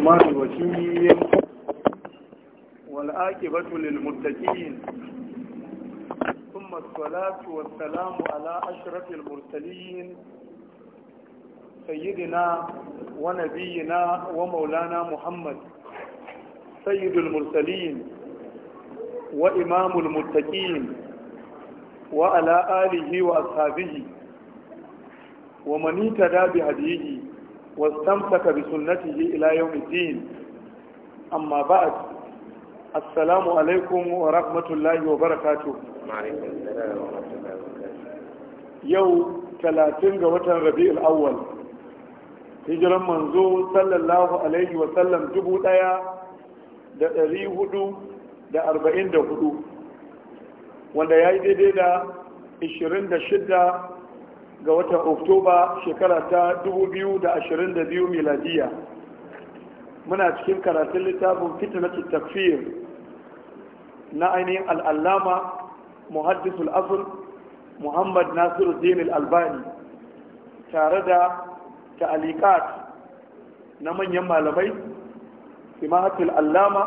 الرحمن الرحيم والآكبة للمتقين ثم الصلاة والسلام على أشرف المرسلين سيدنا ونبينا ومولانا محمد سيد المرسلين وإمام المتقين وعلى آله وأصحابه ومن اهتدى بهديه واستمسك بسنته إلى يوم الدين أما Amma السلام عليكم ورحمة الله وبركاته وعليكم السلام ورحمة الله وبركاته يوم 30 وتر ربيع الأول hijiran manzo sallallahu alaihi wa sallam dubu ɗaya da dari hudu da arba'in da hudu wanda ya yi daidai da ishirin da shida ga watan oktoba shekara ta 2022 miladiya muna cikin karatun littafin fitnatu takfir na ainihin al'allama muhaddisul asul muhammad nasiru dinil albani tare da ta'alikat na manyan malamai imahatul allama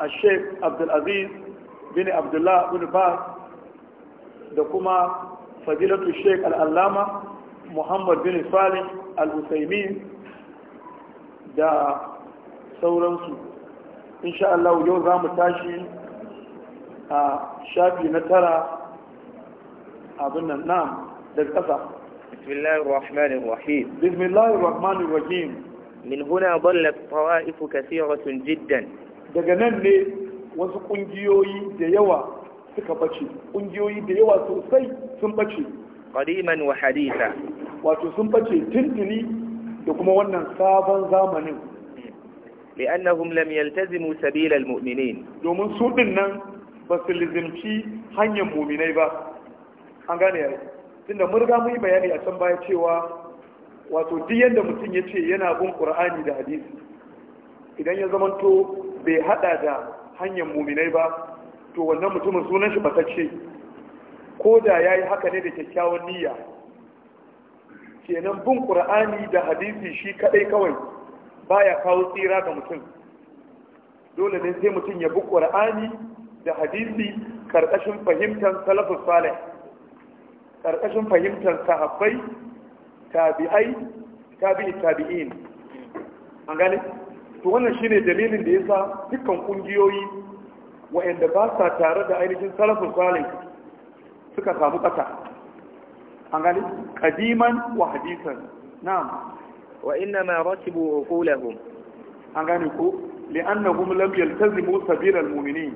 a sheik abdulaziz bin abdullah bin ba da kuma fadilatu sheik al'allama muhammad bin al al'usaimin da sauransu insha Allah yau za tashi a shafi na tara abin nan na'am daga ƙasa بسم الله الرحمن الرحيم بسم الله الرحمن الرحيم من هنا ضلت طوائف كثيرة جدا دقنان لي وسقنجيوي ديوا suka bace ƙungiyoyi da yawa sosai sun bace qadiman wa haditha wato sun bace tuntuni da kuma wannan sabon zamanin li'annahum lam yaltazimu sabila almu'minin domin su nan, ba su lizimci hanyar mu'minai ba an gane yayi tunda mun riga mun yi bayani a can baya cewa wato duk yanda mutum ya ce yana bin qur'ani da hadisi idan ya zamanto bai hada da hanyar mu'minai ba to wannan mutumin sunan shi batacce ko da ya yi haka ne da kyakkyawan niyya kenan bin ƙur'ani da hadisi shi kaɗai kawai baya kawo tsira ga mutum dole ne sai mutum ya bi ƙur'ani da hadisi karkashin fahimtar salafus salih karkashin fahimtar sahabbai tabi'ai tabi'i tabi'in an gane to wannan shine dalilin da yasa dukkan kungiyoyi wa'anda ba sa tare da ainihin salafin salih suka samu ƙasa an gani kadiman wa hadisan na'am wa inna ma rakibu uqulahum an gani ko li'annahum lam yaltazimu sabiral mu'minin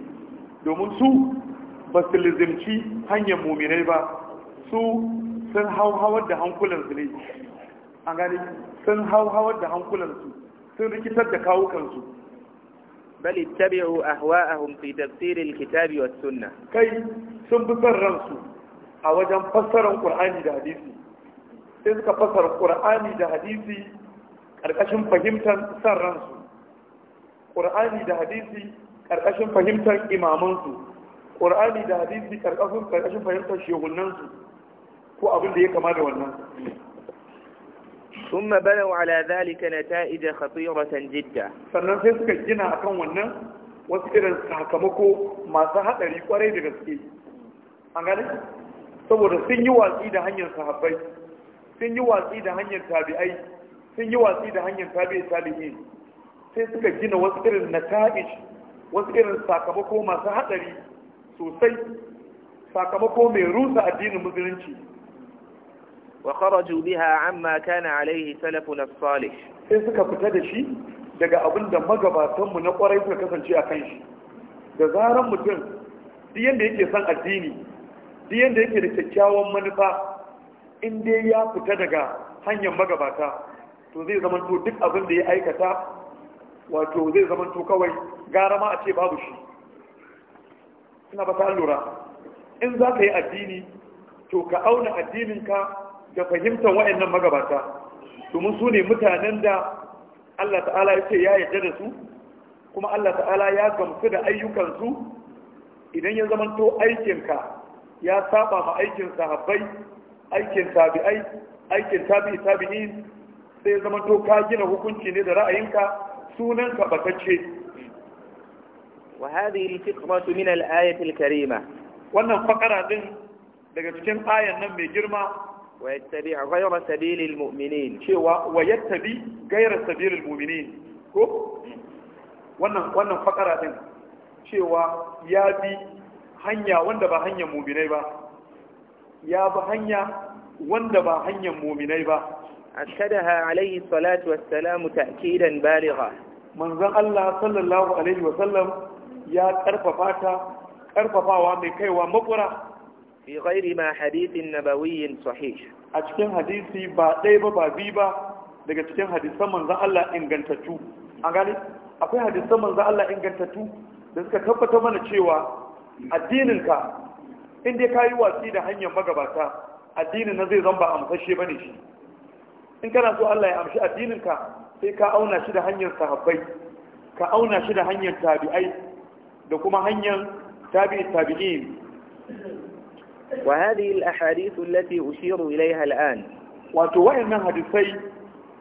domin su ba su lizimci hanyar mu'minai ba su sun hauhawar da hankulansu ne an gani sun hauhawar da hankulansu sun rikitar da kawukansu bal ittabi'u ahwa'ahum fi tafsir alkitab was sunna. kai sun fi son ransu a wajen fassarar qur'ani da hadisi sai suka fassara qur'ani da hadisi karkashin fahimtar son ransu qur'ani da hadisi karkashin fahimtar imamansu qur'ani da hadisi karkashin fahimtar ko abin da ya kama da wannan ثم بنوا على ذلك نتائج خطيرة جدا sannan sai suka gina akan wannan wasu irin sakamako masu haɗari kwarai da gaske an gane saboda sun yi watsi da hanyar sahabbai sun yi watsi da hanyar tabi'ai sun yi watsi da hanyar tabi'i salihin sai suka gina wasu irin nata'ij wasu irin sakamako masu haɗari sosai sakamako mai rusa addinin musulunci wa kharaju biha amma kana alaihi salafuna salih sai suka fita da shi daga abin da magabatan mu na kwarai suka kasance a kan shi da zaran mutum duk yanda yake son addini duk yanda yake da kyakkyawan manufa in dai ya fita daga hanyar magabata to zai zama to duk abin da ya aikata wato zai zama to kawai gara ma a ce babu shi ina ba ta lura in za ka yi addini to ka auna addininka da fahimtar waɗannan magabata domin su ne mutanen da Allah ta'ala ya ce ya yarda da su kuma Allah ta'ala ya gamsu da ayyukansu idan ya zamanto aikinka ya saba ma aikin sahabbai aikin tabi'ai aikin tabi'i tabi'in sai zamanto ka gina hukunci ne da ra'ayinka sunanka batacce وهذه الفقرة من الآية الكريمة wannan fakara din daga cikin ayan nan mai girma wa yattabi ghayra sabilil mu'minin cewa wa yattabi ghayra sabilil mu'minin ko wannan wannan fakara din cewa ya bi hanya wanda ba hanyar mu'minai ba ya bi hanya wanda ba hanyar mu'minai ba ashadaha alayhi salatu wassalamu ta'kidan baligha manzon Allah sallallahu alaihi wasallam ya karfafa ta karfafawa mai kaiwa makura fi ghairi ma hadithin nabawiyyin sahih a cikin hadisi ba ɗaya ba ba bi ba daga cikin hadisan manzon Allah ingantattu an gane akwai hadisan manzon Allah ingantattu da suka tabbata mana cewa addininka inda dai kayi wasi da hanyar magabata addinin na zai zan ba amsashe bane shi in kana so Allah ya amshi addininka sai ka auna shi da hanyar sahabbai ka auna shi da hanyar tabi'ai da kuma hanyar tabi'i tabi'in وهذه الأحاديث التي أشير إليها الآن وتوعنا هدفي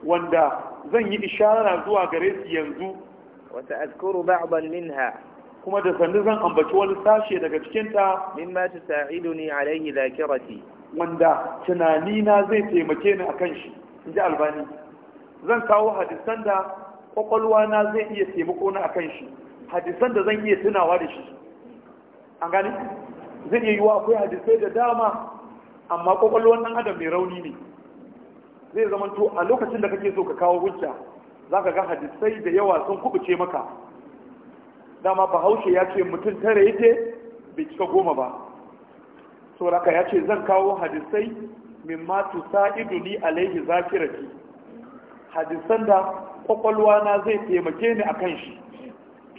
واندا زن إشارة زوا غريس ينزو وسأذكر بعضا منها كما دفن زن أنبتو والساشي دكتشنتا مما تساعدني عليه ذاكرتي واندا تنانينا زي تيمكين أكنشي إنجا ألباني زن كاو هدفن دا kwakwalwana zai iya taimako na akan shi hadisan da zan iya tunawa da shi an gani zai iya wa akwai hadisai da dama amma kwakwalwar nan adam mai rauni ne zai zama to a lokacin da kake so ka kawo hujja za ka ga hadisai da yawa sun kubuce maka dama bahaushe ya ce mutum tare yake bai cika goma ba sauraka ya ce zan kawo hadisai min matu sa'idu ni alaihi zakirati hadisan da kwakwalwa na zai taimake ni akan shi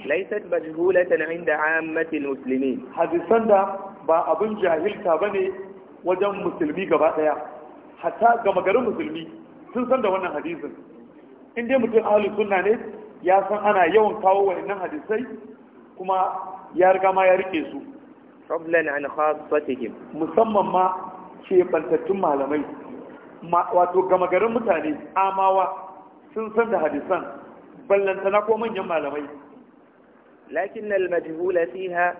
laysat majhulatan inda ammatil muslimin hadisan da ba abin jahilta ba ne wajen musulmi gaba ɗaya hatta gama garin musulmi sun san da wannan hadisin in dai mutum ahalin sunna ne ya san ana yawan kawo wa'annan hadisai kuma ya riga ma ya rike su fadlan an musamman ma ke bantattun malamai wato gama garin mutane amawa sun san da hadisan ballantana ko manyan malamai lakin majhula fiha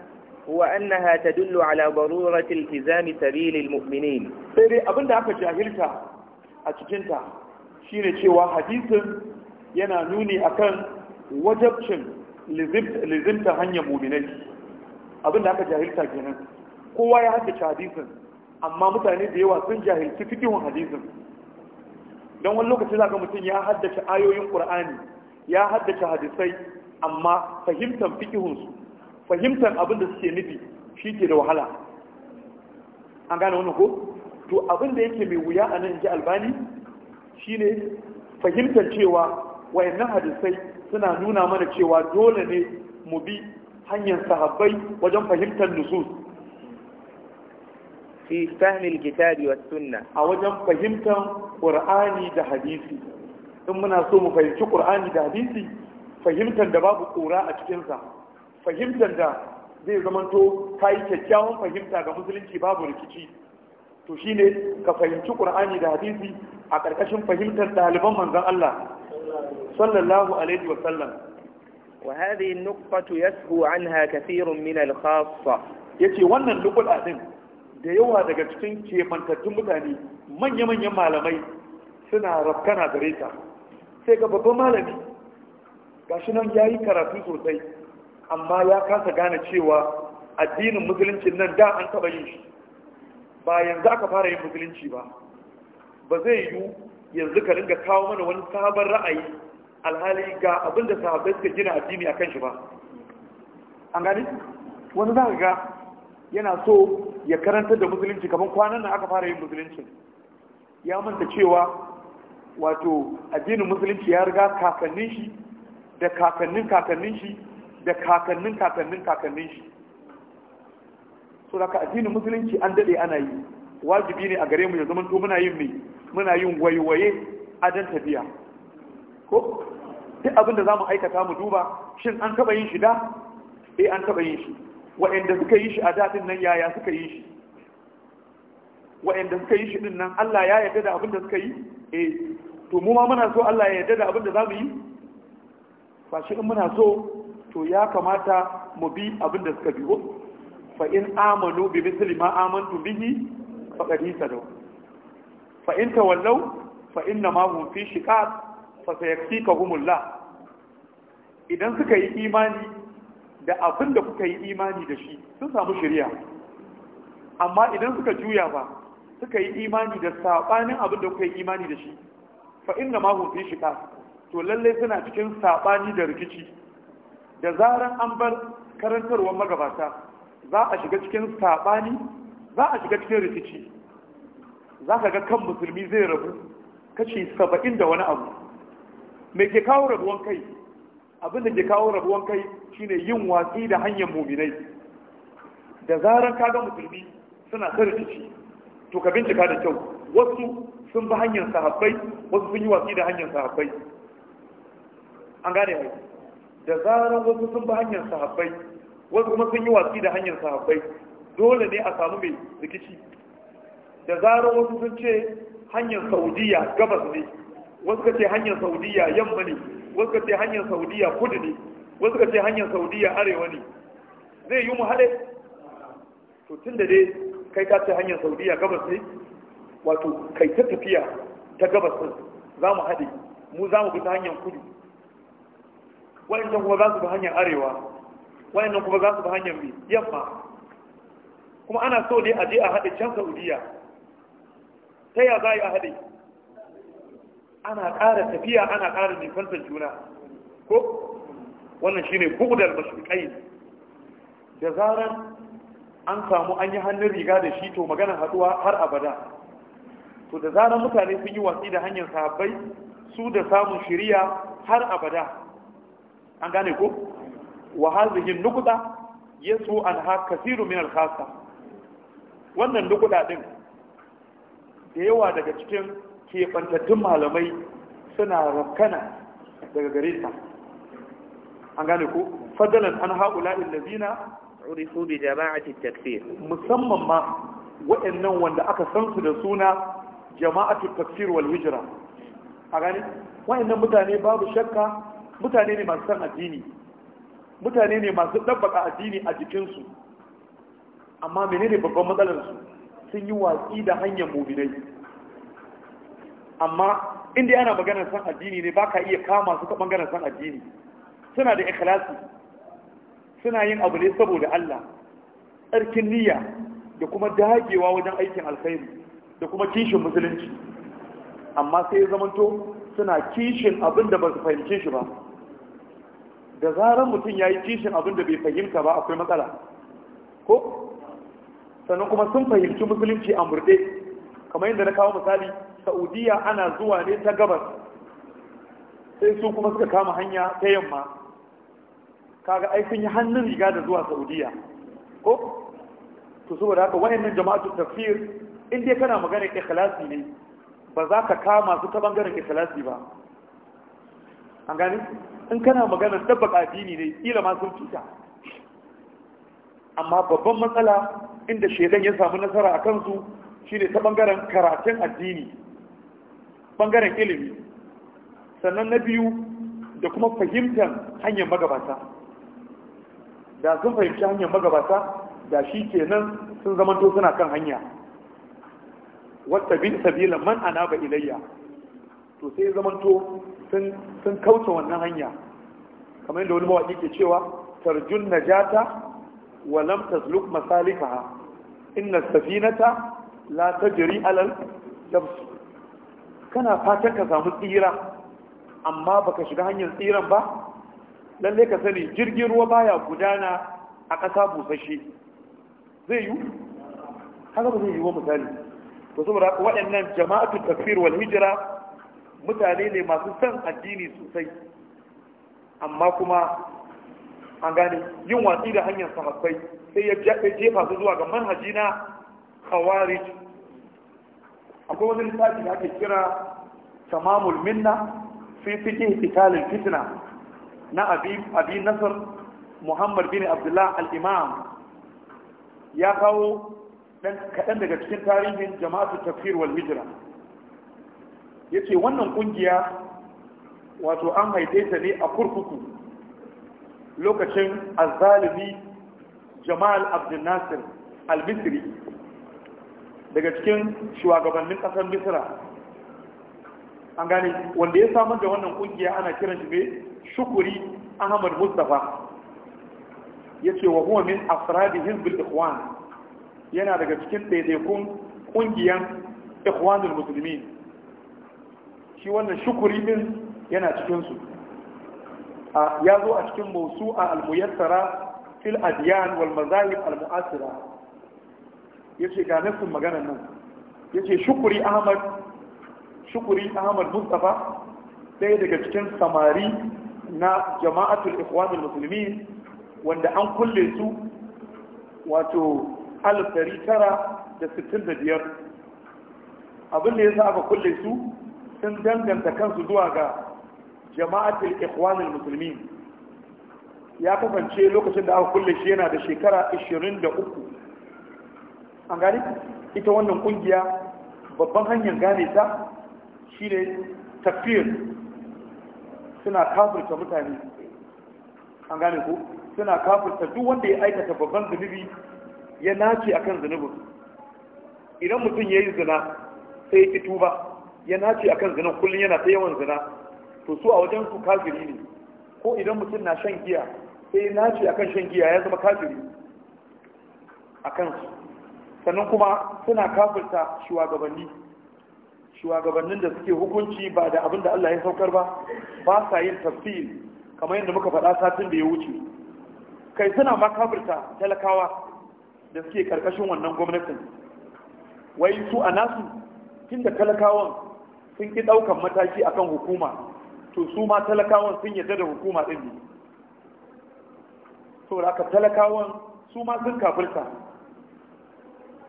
هو أنها تدل على ضرورة التزام سبيل المؤمنين سيدي أبن دعك shine cewa شيني yana حديث akan أكن وجبشن لزمت هنيا مؤمنين أبن دعك جاهلك جنن kowa ya haddace hadisin amma mutane da yawa sun jahilci fikihun hadisin don wani lokaci zaka mutum ya haddace ayoyin ƙur'ani, ya haddace hadisai amma fahimtar fikihunsu fahimtar abin da suke nufi shi ke da wahala an gane wani ko to abin da yake mai wuya a nan ji albani shi ne fahimtar cewa wayannan hadisai suna nuna mana cewa dole ne mu bi hanyar sahabbai wajen fahimtar nusus fi fahimil kitabi wa sunna a wajen fahimtar ƙur'ani da hadisi in muna so mu fahimci ƙur'ani da hadisi fahimtar da babu ƙura a cikinsa fahimtar da zai zamanto ka yi kyakkyawan fahimta ga musulunci babu rikici to shine ka fahimci Ƙur'ani da hadisi a ƙarƙashin fahimtar ɗaliban manzan Allah sallallahu alaihi wa sallam وهذه النقطة يسهو عنها min من Ya yace wannan lukuda din da yawa daga cikin kebantattun mutane manya-manyan malamai suna rafkana gare ta sai ga babban malami gashi nan ya yi karatu sosai amma ya kasa gane cewa addinin musulunci nan da an taba yin shi ba yanzu aka fara yin musulunci ba ba zai yiwu yanzu ka ringa kawo mana wani sabon ra'ayi alhali ga abinda da sahabbai suka gina addini akan shi ba an gani wani za ga yana so ya karantar da musulunci kamar kwanan nan aka fara yin musulunci ya manta cewa wato addinin musulunci ya riga kakannin shi da kakannin kakannin shi da kakannin kakannin kakannin shi so da addinin musulunci an dade ana yi wajibi ne a gare mu ya zama to muna yin mai muna yin waiwaye a dan tafiya ko duk abin da za mu aikata mu duba shin an taba yin shi da eh an taba yin shi wa'anda suka yi shi a daɗin nan yaya suka yi shi wa'anda suka yi shi din nan Allah ya yarda da abin da suka yi eh to mu ma muna so Allah ya yarda da abin da za mu yi ba shi in muna so to ya kamata mu bi abin da suka biyo fa in amanu bi misli ma amantu bihi faqad hisadu fa in tawallaw fa inna ma hum fi shiqaq fa sayaktikahumullah idan suka yi imani da abin da kuka yi imani da shi sun samu shari'a amma idan suka juya ba suka yi imani da sabanin abin da kuka yi imani da shi fa inna ma hum fi shiqaq to lalle suna cikin sabani da rikici da zaran an bar karantarwar magabata za a shiga cikin saɓani za a shiga cikin rikici za ka ga kan musulmi zai rabu kashi saba'in da wani abu mai ke kawo rabuwan kai abin da ke kawo rabuwan kai shine yin watsi da hanyar muminai da zaran ka ga musulmi suna ta rikici to ka bincika da kyau wasu sun bi hanyar sahabbai wasu sun yi watsi da hanyar sahabbai an gane mai da zarar wasu sun bi hanyar sahabbai wasu kuma sun yi watsi da hanyar sahabbai dole ne a samu mai rikici da zarar wasu sun ce hanyar saudiya gabas ne wasu ka ce hanyar saudiya yamma ne wasu ka ce hanyar saudiya kudu ne wasu ka ce hanyar saudiya arewa ne zai yi mu haɗe to tun da dai kai ka ce hanyar saudiya gabas ne wato kai ta tafiya ta gabas za mu haɗe mu za mu bi ta hanyar kudu wa'annan kuma za su bi hanyar arewa wa'annan kuma za su bi hanyar mai yamma kuma ana so ne a je a haɗe can saudiya ta ya za a haɗe ana ƙara tafiya ana ƙara nifantar juna ko wannan shine bugudar mashrikai da zaran an samu an yi hannun riga da shi to maganar haduwa har abada to da zaran mutane sun yi watsi da hanyar sahabbai su da samun shiriya har abada an gane ko wa hazihi nukuta yasu an ha kasiru min al-khassa wannan nukuta din da yawa daga cikin kebantattun malamai suna rakkana daga gare ta an gane ko fadalan an haula illazina urisu bi jama'ati takfir musamman ma waɗannan wanda aka san su da suna jama'atu takfir wal hijra a gane waɗannan mutane babu shakka mutane ne masu san addini mutane ne masu ɗabbaka addini a jikinsu amma menene babban matsalarsu sun yi watsi da hanyar muminai amma inda yana maganar san addini ne baka iya kama su ta bangaren san addini suna da ikhlasi suna yin abu ne saboda Allah tsarkin niyya da kuma dagewa wajen aikin alkhairi da kuma kishin musulunci amma sai ya zamanto suna kishin abin da ba su fahimce shi ba da zarar mutum ya yi kishin abin da bai fahimta ba akwai matsala ko sannan kuma sun fahimci musulunci a murde? kamar yadda na kawo misali saudiya ana zuwa ne ta gabas sai su kuma suka kama hanya ta yamma kaga ai sun yi hannun riga da zuwa saudiya ko to saboda haka wayannan jama'atu tafsir in dai kana magana ikhlasi ne ba za ka kama su ta bangaren ikhlasi ba an gani in kana magana dabbaka addini ne kila ma sun fita amma babban matsala inda Shaidan ya samu nasara a kansu shine ta bangaren karatun addini bangaren ilimi sannan na biyu da kuma fahimtar hanyar magabata da sun fahimci hanyar magabata da shi ke nan sun zamanto suna kan hanya wata bin sabila man anaba ilayya to sai zamanto sun kauce wannan hanya kamar yadda wani mawaƙi ke cewa tarjun najata wa lam tazluk masalikaha inna safinata la tajri alal jabs kana fatan ka samu tsira amma baka shiga hanyar tsiran ba lalle ka sani jirgin ruwa baya gudana a ƙasa busasshe zai yi haka ba zai yi wa misali to saboda waɗannan jama'atu, takfir wal mutane ne masu son addini sosai amma kuma an gane yin watsi da hanyar sahabbai sai ya jefa su zuwa ga manhaji na khawarij akwai wani littafi da ake kira tamamul minna fi fiqh qitalil fitna na abi abi nasr muhammad bin abdullah al-imam ya kawo dan kadan daga cikin tarihin jama'atu tafsir wal hijra Ya ce wannan kungiya wato an haife ta ne a kurkuku lokacin azalimi jamal abdul nasir al-misri daga cikin shugabannin kasar misra an gane wanda ya samar da wannan kungiya ana kiran shi mai shukuri ahmad mustafa ya ce wa huwa min afradi hizbul ikhwan yana daga cikin daidaikun kungiyan ikhwanul muslimin shi wannan shukuri din yana cikinsu ya zo a cikin mausu a almuyassara fil adiyan wal mazahib al mu'asira yace ga nasin maganar nan yace shukuri ahmad shukuri ahmad mustafa sai daga cikin samari na jama'atul ikhwanul muslimin wanda an kulle su wato alif tara da sittin da biyar abin da ya sa aka kulle su sun danganta kansu zuwa ga jama'atul ikhwanul muslimin ya kasance lokacin da aka kulle shi yana da shekara 23 an gani ita wannan kungiya babban hanyar gane ta shine tafiyar suna kafirta mutane an gane ku suna kafirta duk wanda ya aikata babban zunubi ya nace akan zunubin idan mutum ya yi zina sai ya ƙi tuba ya nace akan zina kullum yana ta yawan zina to su a wajen su kafiri ne ko idan mutum na shan giya sai ya nace akan shan giya ya zama kafiri a kansu sannan kuma suna kafirta shugabanni shugabannin da suke hukunci ba da abin da Allah ya saukar ba ba sa yin tafsir kamar yadda muka faɗa satin da ya wuce kai suna ma kafirta talakawa da suke karkashin wannan gwamnatin wai su a nasu tun da talakawan sun ki daukan mataki akan hukuma to su ma talakawan sun yarda da hukuma din ne da haka talakawan su ma sun kafirta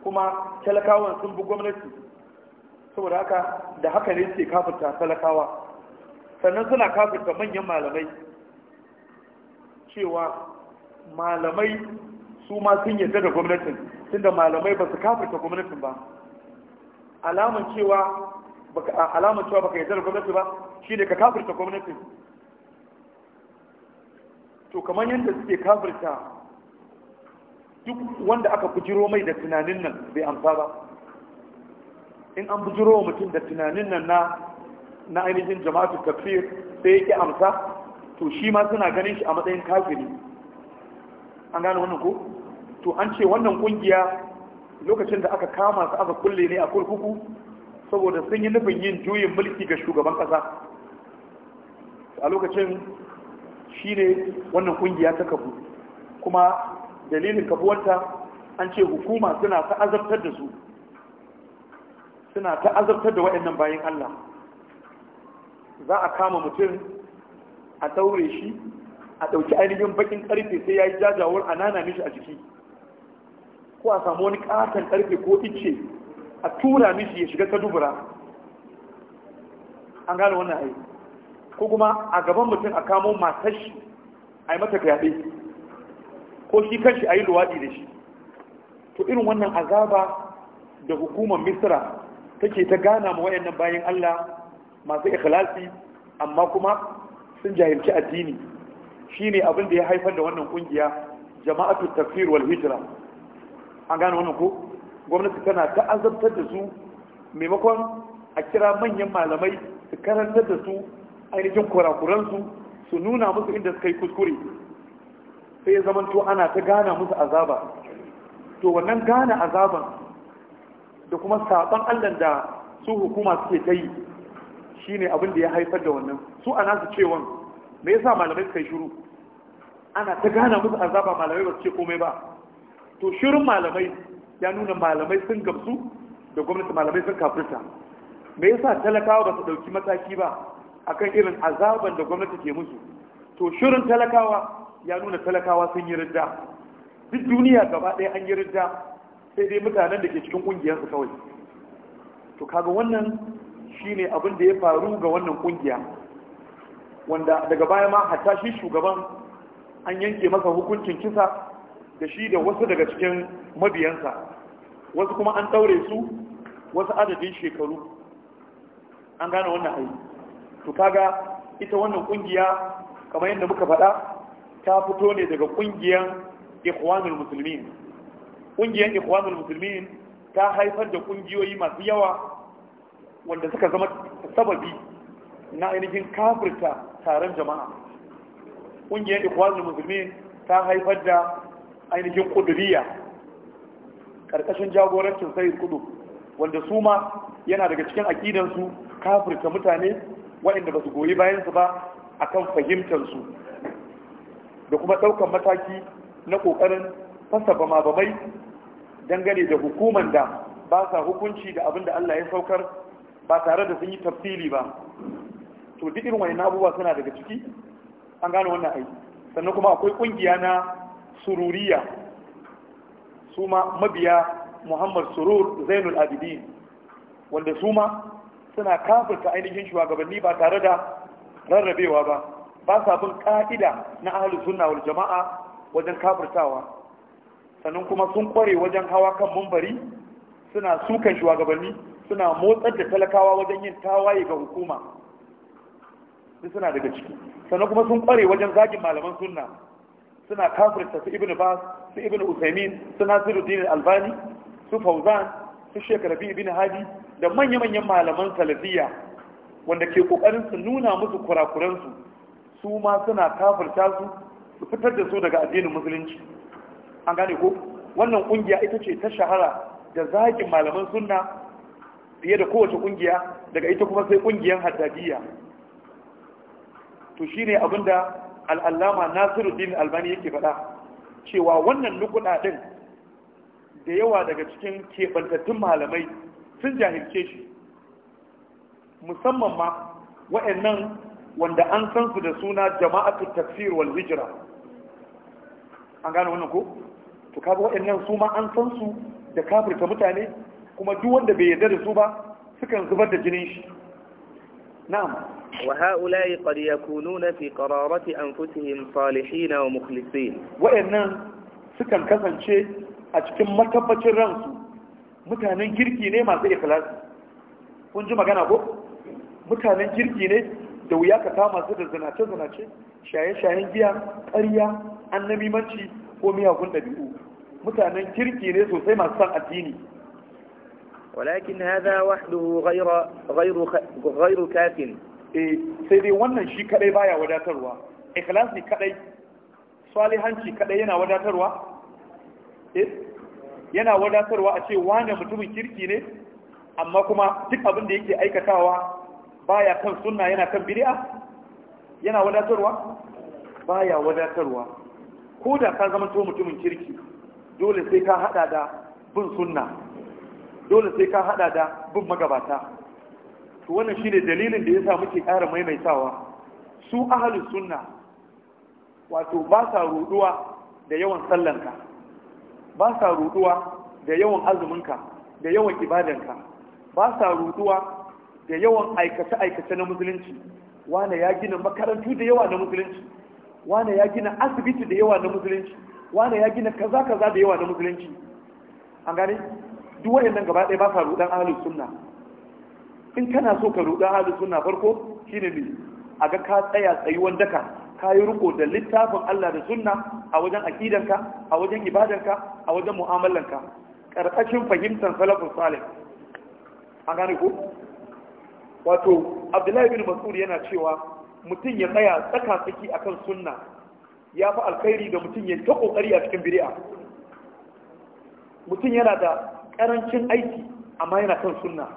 kuma talakawan sun bi gwamnati saboda haka da haka ne suke kafirta talakawa sannan suna kafirta manyan malamai cewa malamai su ma sun yarda da gwamnatin tunda malamai ba su kafirta gwamnatin ba alamun cewa alamar cewa baka yarda gwamnati ba Shi ne ka kafirta gwamnatin to kamar yadda suke kafirta duk wanda aka bujiro mai da tunanin nan bai amsa ba in an bujiro wa mutum da tunanin nan na na ainihin jama'atu kafir sai yake amsa to shi ma suna ganin shi a matsayin kafiri an gane wannan ko to an ce wannan kungiya lokacin da aka kama su aka kulle ne a kurkuku saboda sun yi nufin yin juyin mulki ga shugaban kasa a lokacin shi ne wannan ƙungiya ta kafu kuma dalilin kabuwanta an ce hukuma suna ta azabtar da su suna ta azabtar da waɗannan bayan Allah za a kama mutum a ɗaure shi a ɗauki ainihin bakin ƙarfe sai ya yi jajawar a nana mishi a jiki ko a samu wani ƙaton ƙarfe ko ice a tura mishi ya shiga ta dubura an gane wannan aiki. ko kuma a gaban mutum a kamo matar shi a yi mata fyaɗe ko shi kanshi a yi luwaɗi da shi to irin wannan azaba da hukumar misra take ta gana ma wayannan bayan Allah masu ikhlasi amma kuma sun jahilci addini shine abin da ya haifar da wannan kungiya jama'atul tafsir wal hijra an gane wannan ko gwamnati tana ta azabtar da su maimakon a kira manyan malamai su karantar da su ainihin kurakuransu su nuna musu inda suka yi kuskure sai ya to ana ta gana musu azaba to wannan gana azaban da kuma saban allah da su hukuma suke ta yi shine abin da ya haifar da wannan su ana su cewan me yasa malamai suka yi shiru ana ta gana musu azaba malamai ba su ce komai ba to shirin malamai ya nuna malamai sun gamsu da gwamnati malamai sun kafirta me yasa talakawa ba su dauki mataki ba akan irin azaban da gwamnati ke musu to shirin talakawa ya nuna talakawa sun yi ridda duk duniya gaba ɗaya an yi ridda sai dai mutanen da ke cikin ƙungiyarsu kawai to kaga wannan shine abin da ya faru ga wannan ƙungiya wanda daga baya ma hatta shi shugaban an yanke masa hukuncin kisa da shi da wasu daga cikin mabiyansa wasu kuma an ɗaure su wasu adadin shekaru an gane wannan aiki to kaga ita wannan ƙungiya kamar yadda muka faɗa ta fito ne daga kungiyan ikhwanul muslimin kungiyan ikhwanul muslimin ta haifar da ƙungiyoyi masu yawa wanda suka zama sababi na ainihin kafirta taron jama'a Ƙungiyar ikhwanul muslimin ta haifar da ainihin kuduriya karkashin jagorancin sayyid kudu wanda su ma yana daga cikin aƙidansu kafirta mutane waɗanda ba su goyi bayansu ba a kan fahimtarsu da kuma ɗaukar mataki na ƙoƙarin fasa bama-bamai dangane da hukuman da ba sa hukunci da abin da Allah ya saukar ba tare da sun yi tafsiri ba to duk irin wani abubuwa suna daga ciki an gane wannan aiki sannan kuma akwai ƙungiya na sururiya su ma mabiya muhammad surur zainul abidin wanda su ma suna kafirta ainihin shugabanni ba tare da rarrabewa ba ba sa bin ka'ida na ahlus sunna wal jama'a wajen kafirtawa sannan kuma sun kware wajen hawa kan mumbari suna sukan shugabanni suna motsar da talakawa wajen yin tawaye ga hukuma duk suna daga ciki sannan kuma sun kware wajen zagin malaman sunna suna kafirta su ibn bas su ibn usaimin su nasiruddin albani su fauzan su shekarabi ibn hadi da manya-manyan malaman salafiyya wanda ke kokarin su nuna musu kurakuransu su ma suna kafirta su su fitar da su daga addinin musulunci an gane ko wannan kungiya ita ce ta shahara da zakin malaman sunna fiye da kowace kungiya daga ita kuma sai kungiyar haddadiyya to shine abinda al'allama din albani yake faɗa cewa wannan nukuɗa ɗin da yawa daga cikin kebantattun malamai sun jahilce shi musamman ma wa'annan wanda an san su da suna jama'atul tafsir wal hijira an gane wannan ko to kaga wa'annan su ma an san su da kafirta mutane kuma duk wanda bai yarda da su ba sukan zubar da jinin shi نعم وهؤلاء قد يكونون في قرارة أنفسهم صالحين ومخلصين وإن سكن كسن شيء أتكم متبت الرأس متانا جركي نيما زي إخلاص ونجم أغانا بو متانا جركي نيما دويا كتاما ka kama su شاية zinace بيا أريا shayen منشي ومياه قلنا بيقو miyagun ɗabi'u mutanen kirki ما sosai masu walakin هذا وحده غير غير غير kafin سيدي sai dai wannan shi kadai baya wadatarwa ikhlasi kadai salihanci kadai yana wadatarwa eh yana wadatarwa a ce wane mutumin kirki ne amma kuma duk abin da yake aikatawa baya kan sunna yana kan bid'a yana wadatarwa baya wadatarwa ko da ka zama to mutumin kirki dole sai ka hada da bin sunna dole sai ka hada da bin magabata to wannan shine dalilin da yasa muke ƙara maimaitawa su ahli sunna wato ba sa ruduwa da yawan sallanka ba sa ruduwa da yawan azuminka da yawan ibadanka ba sa ruduwa da yawan aikace-aikace na musulunci wane ya gina makarantu da yawa na musulunci wane ya gina asibiti da yawa na musulunci wane ya gina kaza-kaza da yawa na musulunci an gane duk wayannan gaba ɗaya ba sa ruɗan ahalin sunna in kana so ka ruɗan ahalin sunna farko shine ne a ga ka tsaya tsayuwan daka ka yi riko da littafin Allah da sunna a wajen akidanka a wajen ibadanka a wajen mu'amalanka ƙarƙashin fahimtar salafin Salim. a gane ku wato abdullahi bin mas'ud yana cewa mutum ya tsaya tsaka tsaki akan sunna ya fi alkhairi da mutum ya ta ƙoƙari a cikin biri'a mutum yana da karancin aiki amma yana kan sunna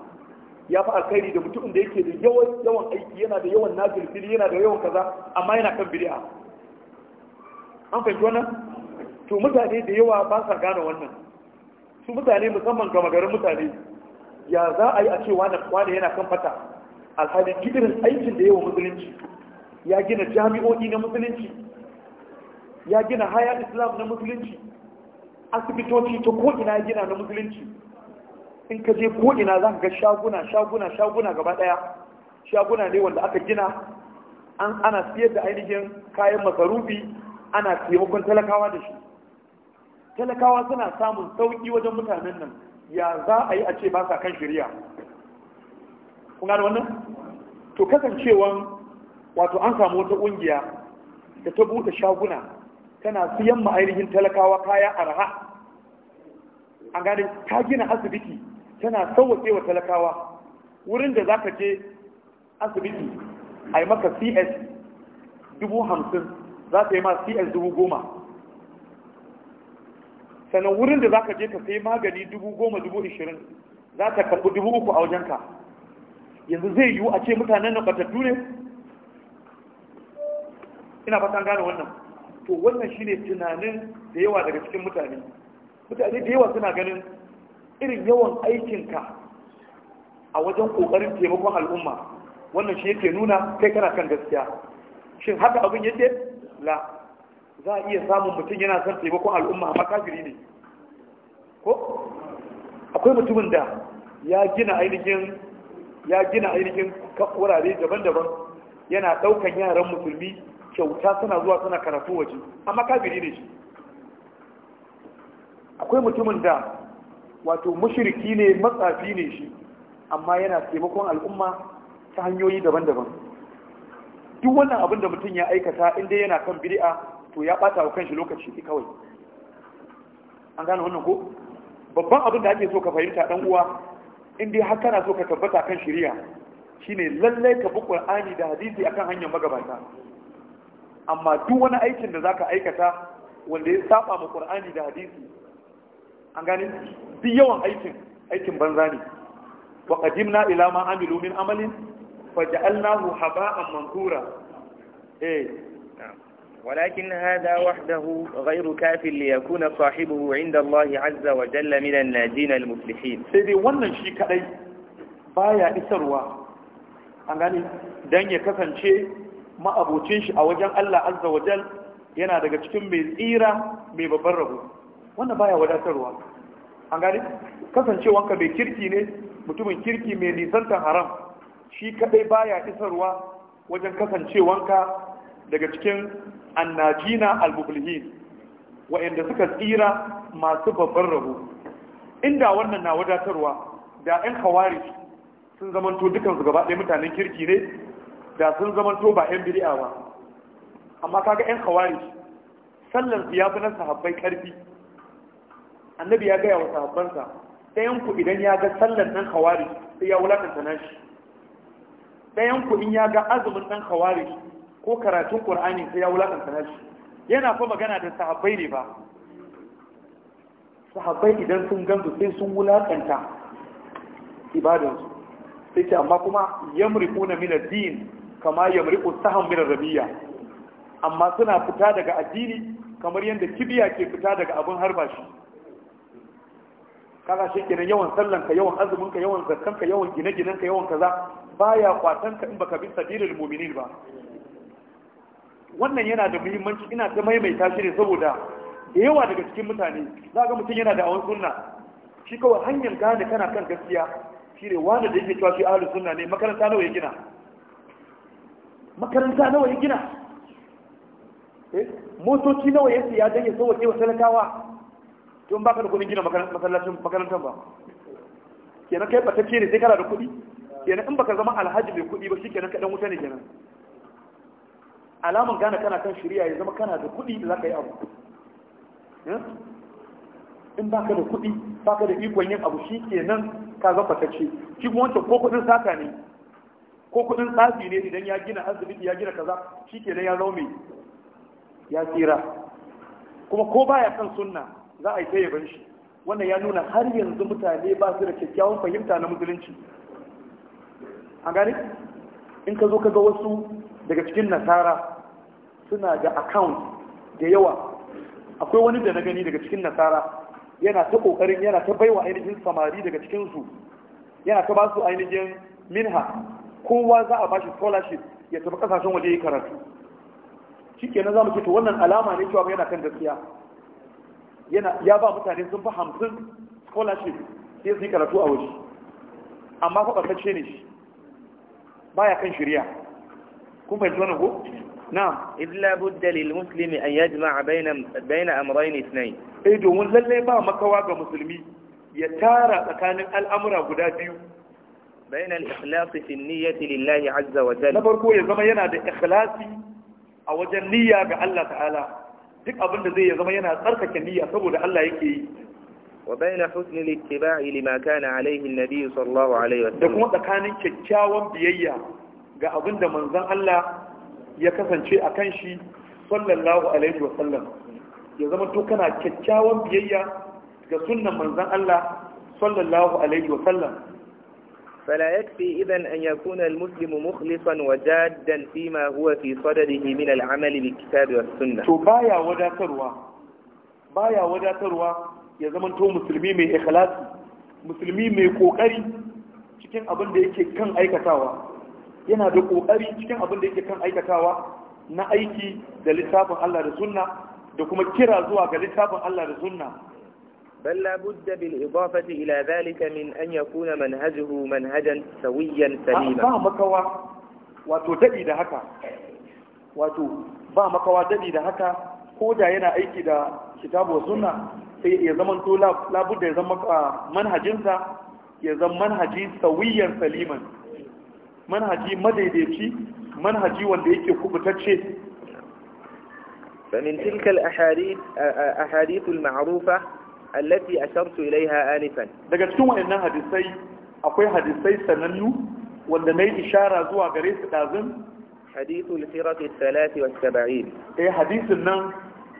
ya fi alkhairi da mutumin da yake da yawan yawan aiki yana da yawan nazilfili yana da yawan kaza amma yana kan bid'a an fahimci wannan to mutane da yawa ba sa gane wannan su mutane musamman ga garin mutane ya za a yi a ce wani yana kan fata alhali gidirin aikin da yawa musulunci ya gina jami'o'i na musulunci ya gina haya islam na musulunci asibitoci ta ko'ina gina na musulunci in ka je ko'ina za ka ga shaguna shaguna shaguna gaba ɗaya shaguna ne wanda aka gina an ana siyar da ainihin kayan masarufi ana taimakon talakawa da shi talakawa suna samun sauƙi wajen mutanen nan ya za a yi a ce ba sa kan shirya kun gano wannan to kasancewan wato an samu wata ƙungiya da ta buɗe shaguna tana siyan ma ainihin talakawa kaya raha. an gane ta gina asibiti tana sauwaƙe wa talakawa wurin da za ka je asibiti a yi maka cs dubu hamsin za ta yi ma cs dubu goma sannan wurin da za ka je ka sai magani dubu goma dubu ishirin za ta karɓi dubu uku a wajenka yanzu zai yiwu a ce mutanen na batattu ne ina fatan gane wannan to wannan shine tunanin da yawa daga cikin mutane mutane da yawa suna ganin irin yawan aikinka a wajen kokarin taimakon al'umma wannan shi yake nuna kai kana kan gaskiya shin haka abin yake la za a iya samun mutum yana son taimakon al'umma amma kafiri ne ko akwai mutumin da ya gina ainihin ya gina ainihin wurare daban-daban yana ɗaukan yaran musulmi kyauta suna zuwa suna karatu waje amma kafiri ne shi akwai mutumin da wato mushriki ne matsafi ne shi amma yana taimakon al'umma ta hanyoyi daban-daban duk wannan abin da mutum ya aikata inda yana kan bid'a to ya bata wa kanshi lokaci shi kawai an gane wannan ko babban abin da ake so ka fahimta dan uwa inda har kana so ka tabbata kan shari'a shine lallai ka bi Qur'ani da hadisi akan hanyar magabata amma duk wani aikin da zaka aikata wanda ya saba ma qur'ani da hadisi an gane duk yawan aikin aikin banza ne wa qadimna ila ma amilu min amalin faj'alnahu haba'an mankura eh ولكن هذا وحده غير كاف ليكون صاحبه عند الله عز وجل من الناجين المفلحين سيدي wannan shi kadai baya isarwa an gane dan ya kasance ma'abocin shi a wajen Allah azza wajal yana daga cikin mai tsira mai babban rabo wannan baya wadatarwa an gani kasancewanka mai kirki ne mutumin kirki mai nisantar haram shi kadai baya isarwa wajen kasancewanka daga cikin annajina al-muflihin wa'anda suka tsira masu babban rabo inda wannan na wadatarwa da 'yan kawari sun zamanto dukansu gaba ɗaya mutanen kirki ne da sun zama to ba yan bid'a ba amma kaga yan khawari sallan su ya fi na sahabbai karfi annabi ya gaya wa sahabbansa ɗayan ku idan ya ga sallan ɗan khawari sai ya wulakanta nashi ɗayan ku in ya ga azumin ɗan khawari ko karatun qur'ani sai ya wulakanta nashi yana fa magana da sahabbai ne ba sahabbai idan sun gansu sai sun wulakanta ibadansu sai ce amma kuma yamrikuna min ad-din kama ya saham min rabiya amma suna fita daga addini kamar yadda kibiya ke fita daga abin harba shi kaga shi kenan yawan sallanka yawan azuminka yawan zakkanka yawan gine-ginenka yawan kaza baya kwatanka in baka bin sabilil mu'minin ba wannan yana da muhimmanci ina ta maimaita shi ne saboda da yawa daga cikin mutane za ga mutum yana da awon sunna shi kawai hanyar gane kana kan gaskiya shi ne wanda da yake cewa shi ahlus sunna ne makaranta nawa ya gina makaranta nawa ya gina eh, motoci nawa ya siya don ya sauwake wa talakawa tun baka da kudin gina masallacin makarantar ba kenan kai batacce ne sai kana da kudi kenan in baka zama alhaji mai kudi ba shi kenan kaɗan wuta ne kenan Alamun gane kana kan shirya ya zama kana da kudi da za ka yi abu eh? in baka da kudi baka da ikon yin abu shi kenan ka zama batacce shi kuma wancan ko kudin sata ne ko kudin tsafi ne idan ya gina asibiti ya gina kaza shi ke ya zo mai ya tsira kuma ko baya kan sunna za a yi ta yaban shi wannan ya nuna har yanzu mutane ba su da kyakkyawan fahimta na musulunci an gane in ka zo ka ga wasu daga cikin nasara suna da account da yawa akwai wani da na gani daga cikin nasara yana ta kokarin yana ta baiwa ainihin samari daga cikinsu, yana ta ba su ainihin minha kowa za a bashi scholarship ya tafi kasashen waje yi karatu shikenan za mu ce to wannan alama ne cewa yana kan gaskiya yana ya ba mutane sun fi hamsin scholarship sai su yi karatu a waje amma fa ɓarfacce ne shi baya kan shirya kun fahimci wannan ko نعم Dalil Musulmi بد للمسلم أن يجمع بين بين أمرين اثنين إيه domin lalle ba makawa ga musulmi ya tara tsakanin al'amura guda biyu bayan al-ikhlasi fi niyyati lillahi azza wa na farko ya zama yana da ikhlasi a wajen niyya ga Allah ta'ala duk abin da zai ya zama yana tsarkake niyya saboda Allah yake yi wa bayan husni littiba'i lima kana alaihi nabi sallallahu alaihi wa da kuma tsakanin kyakkyawan biyayya ga abin da manzon Allah ya kasance a kan shi sallallahu alaihi wa sallam ya zama to kana kyakkyawan biyayya ga sunnan manzon Allah sallallahu alaihi wa sallam فلا يكفي إذا أن يكون المسلم مخلصا وجادا فيما هو في صدده من العمل بالكتاب والسنة بايا ودا تروى بايا ودا تروى يا زمن تو مسلمي مي إخلاص مسلمي مي كوكري cikin abin da yake kan aikatawa yana da ƙoƙari cikin abin da yake kan aikatawa na aiki da littafin Allah da sunna da kuma kira zuwa ga littafin Allah da sunna بل لا بد بالإضافة إلى ذلك من أن يكون منهجه منهجا سويا سليما ba makawa wato dadi da haka wato ba makawa dadi da haka ko da yana aiki da kitabu sunna sai ya zama to la ya zama manhajinsa ya zama manhaji sawiyan saliman manhaji madaidaici manhaji wanda yake kubutacce فمن تلك الأحاديث أحاديث المعروفة allati ashartu ilaiha anifan daga cikin waɗannan hadisai akwai hadisai sanannu wanda na yi ishara zuwa gare su ɗazin hadithul firaqi talati wa saba'in eh hadisin nan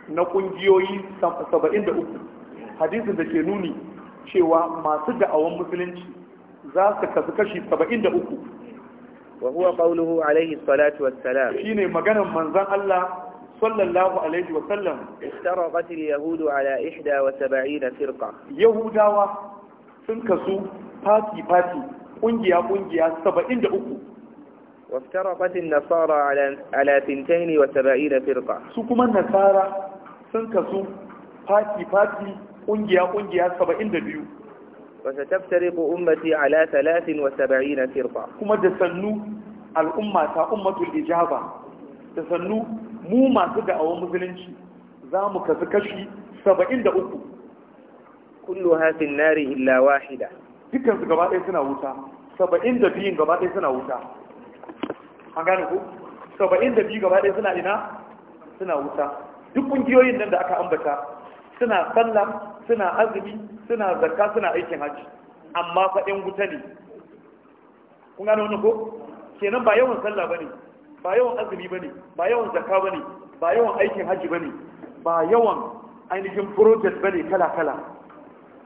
na kungiyoyi 73 hadisin da ke nuni cewa masu da'awan musulunci za su kasu kashi 73 wa huwa qawluhu alayhi salatu wassalam shine maganar manzon Allah sallallahu alaihi wa sallam istaraqat al-yahud ala 71 firqa yahudawa sun kasu party party kungiya kungiya 73 wa istaraqat an-nasara ala ala 72 firqa su kuma nasara sun kasu party party kungiya kungiya 72 وستفترق أمتي على ثلاث وسبعين فرقة كما تسنو الأمة أمة الإجابة تسنو mu masu da'awar musulunci za mu kasu kashi saba'in da uku kullu hafin nari illa wahida dukansu gaba ɗaya suna wuta saba'in da biyun gaba ɗaya suna wuta an gane ku saba'in da biyu gaba ɗaya suna ina suna wuta duk ƙungiyoyin nan da aka ambata suna sallah suna azumi suna zarka suna aikin hajji amma faɗin wuta ne kun gane wani ko kenan ba yawan sallah ba ne ba yawan azumi ba ne ba yawan zaka ba ne ba yawan aikin haji ba ne ba yawan ainihin project ba ne kala-kala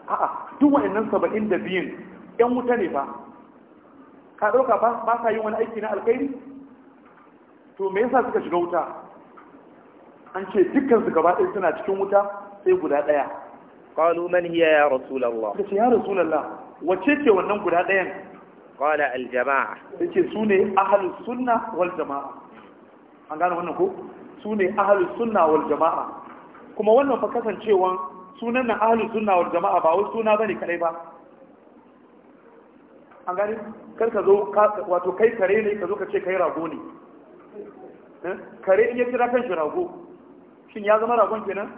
a'a duk wa'annan saba'in da biyun yan wuta ne ba ka ɗauka ba sa yi wani aiki na alkairi to me yasa suka shiga wuta an ce dukkan su gaba ɗaya suna cikin wuta sai guda ɗaya qalu man hiya ya rasulullah kace ya wace ce wannan guda ɗayan qala aljama'a. jama'a su ne ahal sunna wal jama'a an gane wannan ko sune ahal sunna wal jama'a kuma wannan fa kasancewan sunan na ahal sunna wal jama'a ba wai suna bane kadai ba an gane kar ka zo wato kai kare ne ka zo ka ce kai rago ne eh? kare in ya kira kan shi rago shin ya zama ragon kenan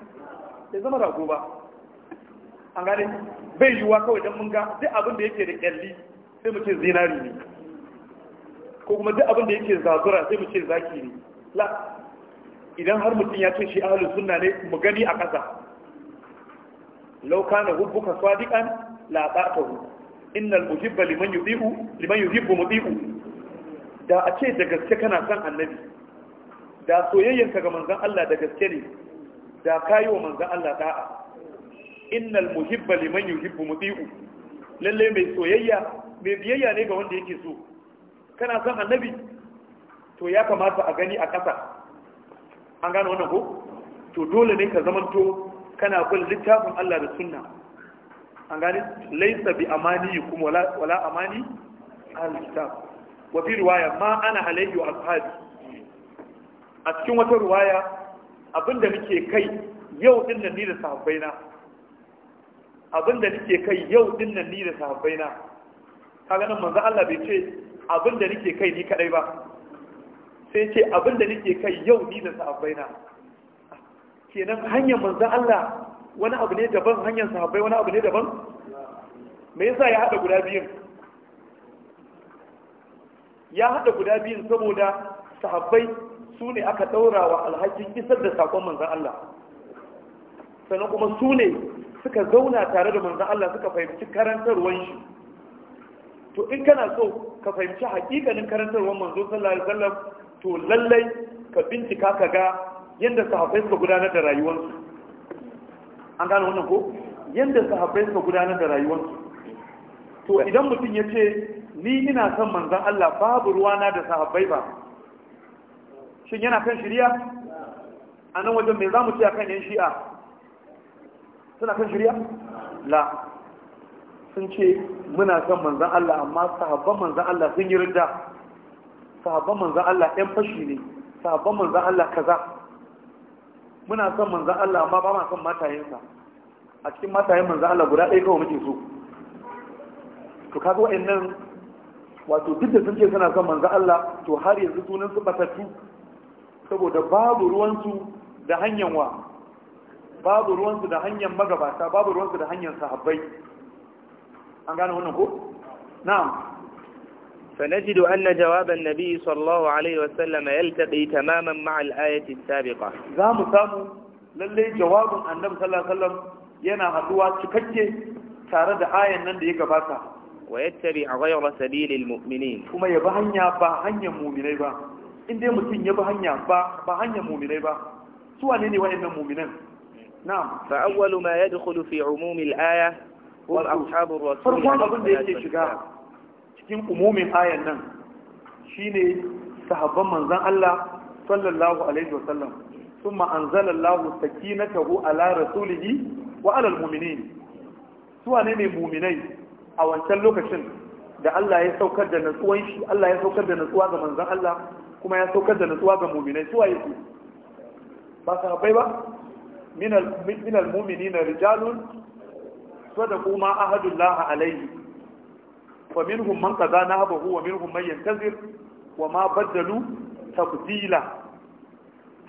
ya zama rago ba an gane bai yiwuwa kawai don mun ga duk abin da yake da kyalli sai mu ce zinari ne ko kuma duk abin da yake zazura sai mu ce zaki ne la idan har mutum ya ce shi ahlus sunna ne mu gani a ƙasa law kana hubbuka sadiqan la ta'tahu innal muhibba liman yudihu liman yuhibbu mudihu da a ce da gaske kana son annabi da soyayyarka ga manzon Allah da gaske ne da kayi wa manzon Allah da'a innal muhibba liman yuhibbu mudihu lalle mai soyayya mai biyayya ne ga wanda yake so kana son annabi to ya kamata a gani a ƙasa an gano wannan ko to dole ne ka zamanto kana bin littafin Allah da sunna an gani laisa bi amani kuma wala wala amani ahli kitab wa fi riwaya ma ana alayhi wa ashabi a cikin wata riwaya abinda muke kai yau din nan ni da sahabbaina abinda nake kai yau din nan ni da sahabbai na kaga nan manzo Allah bai ce abinda nake kai ni kadai ba sai ce abinda nake kai yau ni da sahabbai na kenan hanyar manzo Allah wani abu ne daban hanyar sahabbai wani abu ne daban me yasa ya hada guda biyun ya hada guda biyun saboda sahabbai su ne aka daura wa alhakin isar da sakon manzo Allah sannan kuma su ne suka zauna tare da manzan Allah suka fahimci karantarwar shi to in kana so ka fahimci hakikanin karantarwar manzo sallallahu alaihi wasallam to lallai ka bincika ka ga yadda sahabbai suka gudanar da rayuwarsu an gano wannan ko yadda sahabbai suka gudanar da rayuwarsu to idan mutum ya ce ni ina son manzan Allah babu ruwana da sahabbai ba shin yana kan shirya a nan wajen mai za mu ce a kan yan shi'a suna kan shirya la sun ce muna kan manzan Allah amma sahabban manzan Allah sun yi rinda sahabban manzan Allah ɗan fashi ne sahabban manzan Allah kaza muna son manzan Allah amma ba ma son matayensa a cikin matayen manzan Allah guda ɗaya kawai muke so to kaga wa'annan wato duk da sun ce suna son manzan Allah to har yanzu sunan su batattu saboda babu ruwansu da hanyar wa babu ruwansu da hanyar magabata babu ruwansu da hanyar sahabbai an gane wannan ko na'am فنجد أن جواب النبي صلى الله عليه وسلم يلتقي تماما مع الآية السابقة زام سامو للي جواب النبي صلى الله عليه وسلم ينا هدوا تكتش تارد آية نندي يقباتا ويتبع غير سبيل المؤمنين كما يبهنيا بهنيا مؤمنين با إن دي متين يبهنيا بهنيا مؤمنين با سوى نيني وإن مؤمنين نعم فأول ما يدخل في عموم الآية هم أصحاب الرسول فرقوا أبن دي يكي شكا cikin umumin ayan nan shine sahaban manzon Allah sallallahu alaihi wasallam thumma anzala Allahu sakinatahu ala rasulihi wa ala almu'minin su wane ne mu'minai a wancan lokacin da Allah ya saukar da natsuwan shi Allah ya saukar da natsuwa ga manzon Allah kuma ya saukar da nutsuwa ga mu'minai su waye su ba sahabbai ba من المؤمنين رجال صدقوا ما أهد الله عليه wa من قضى نهبه ومنهم wa ينتظر وما بدلوا wa ma badalu tabdila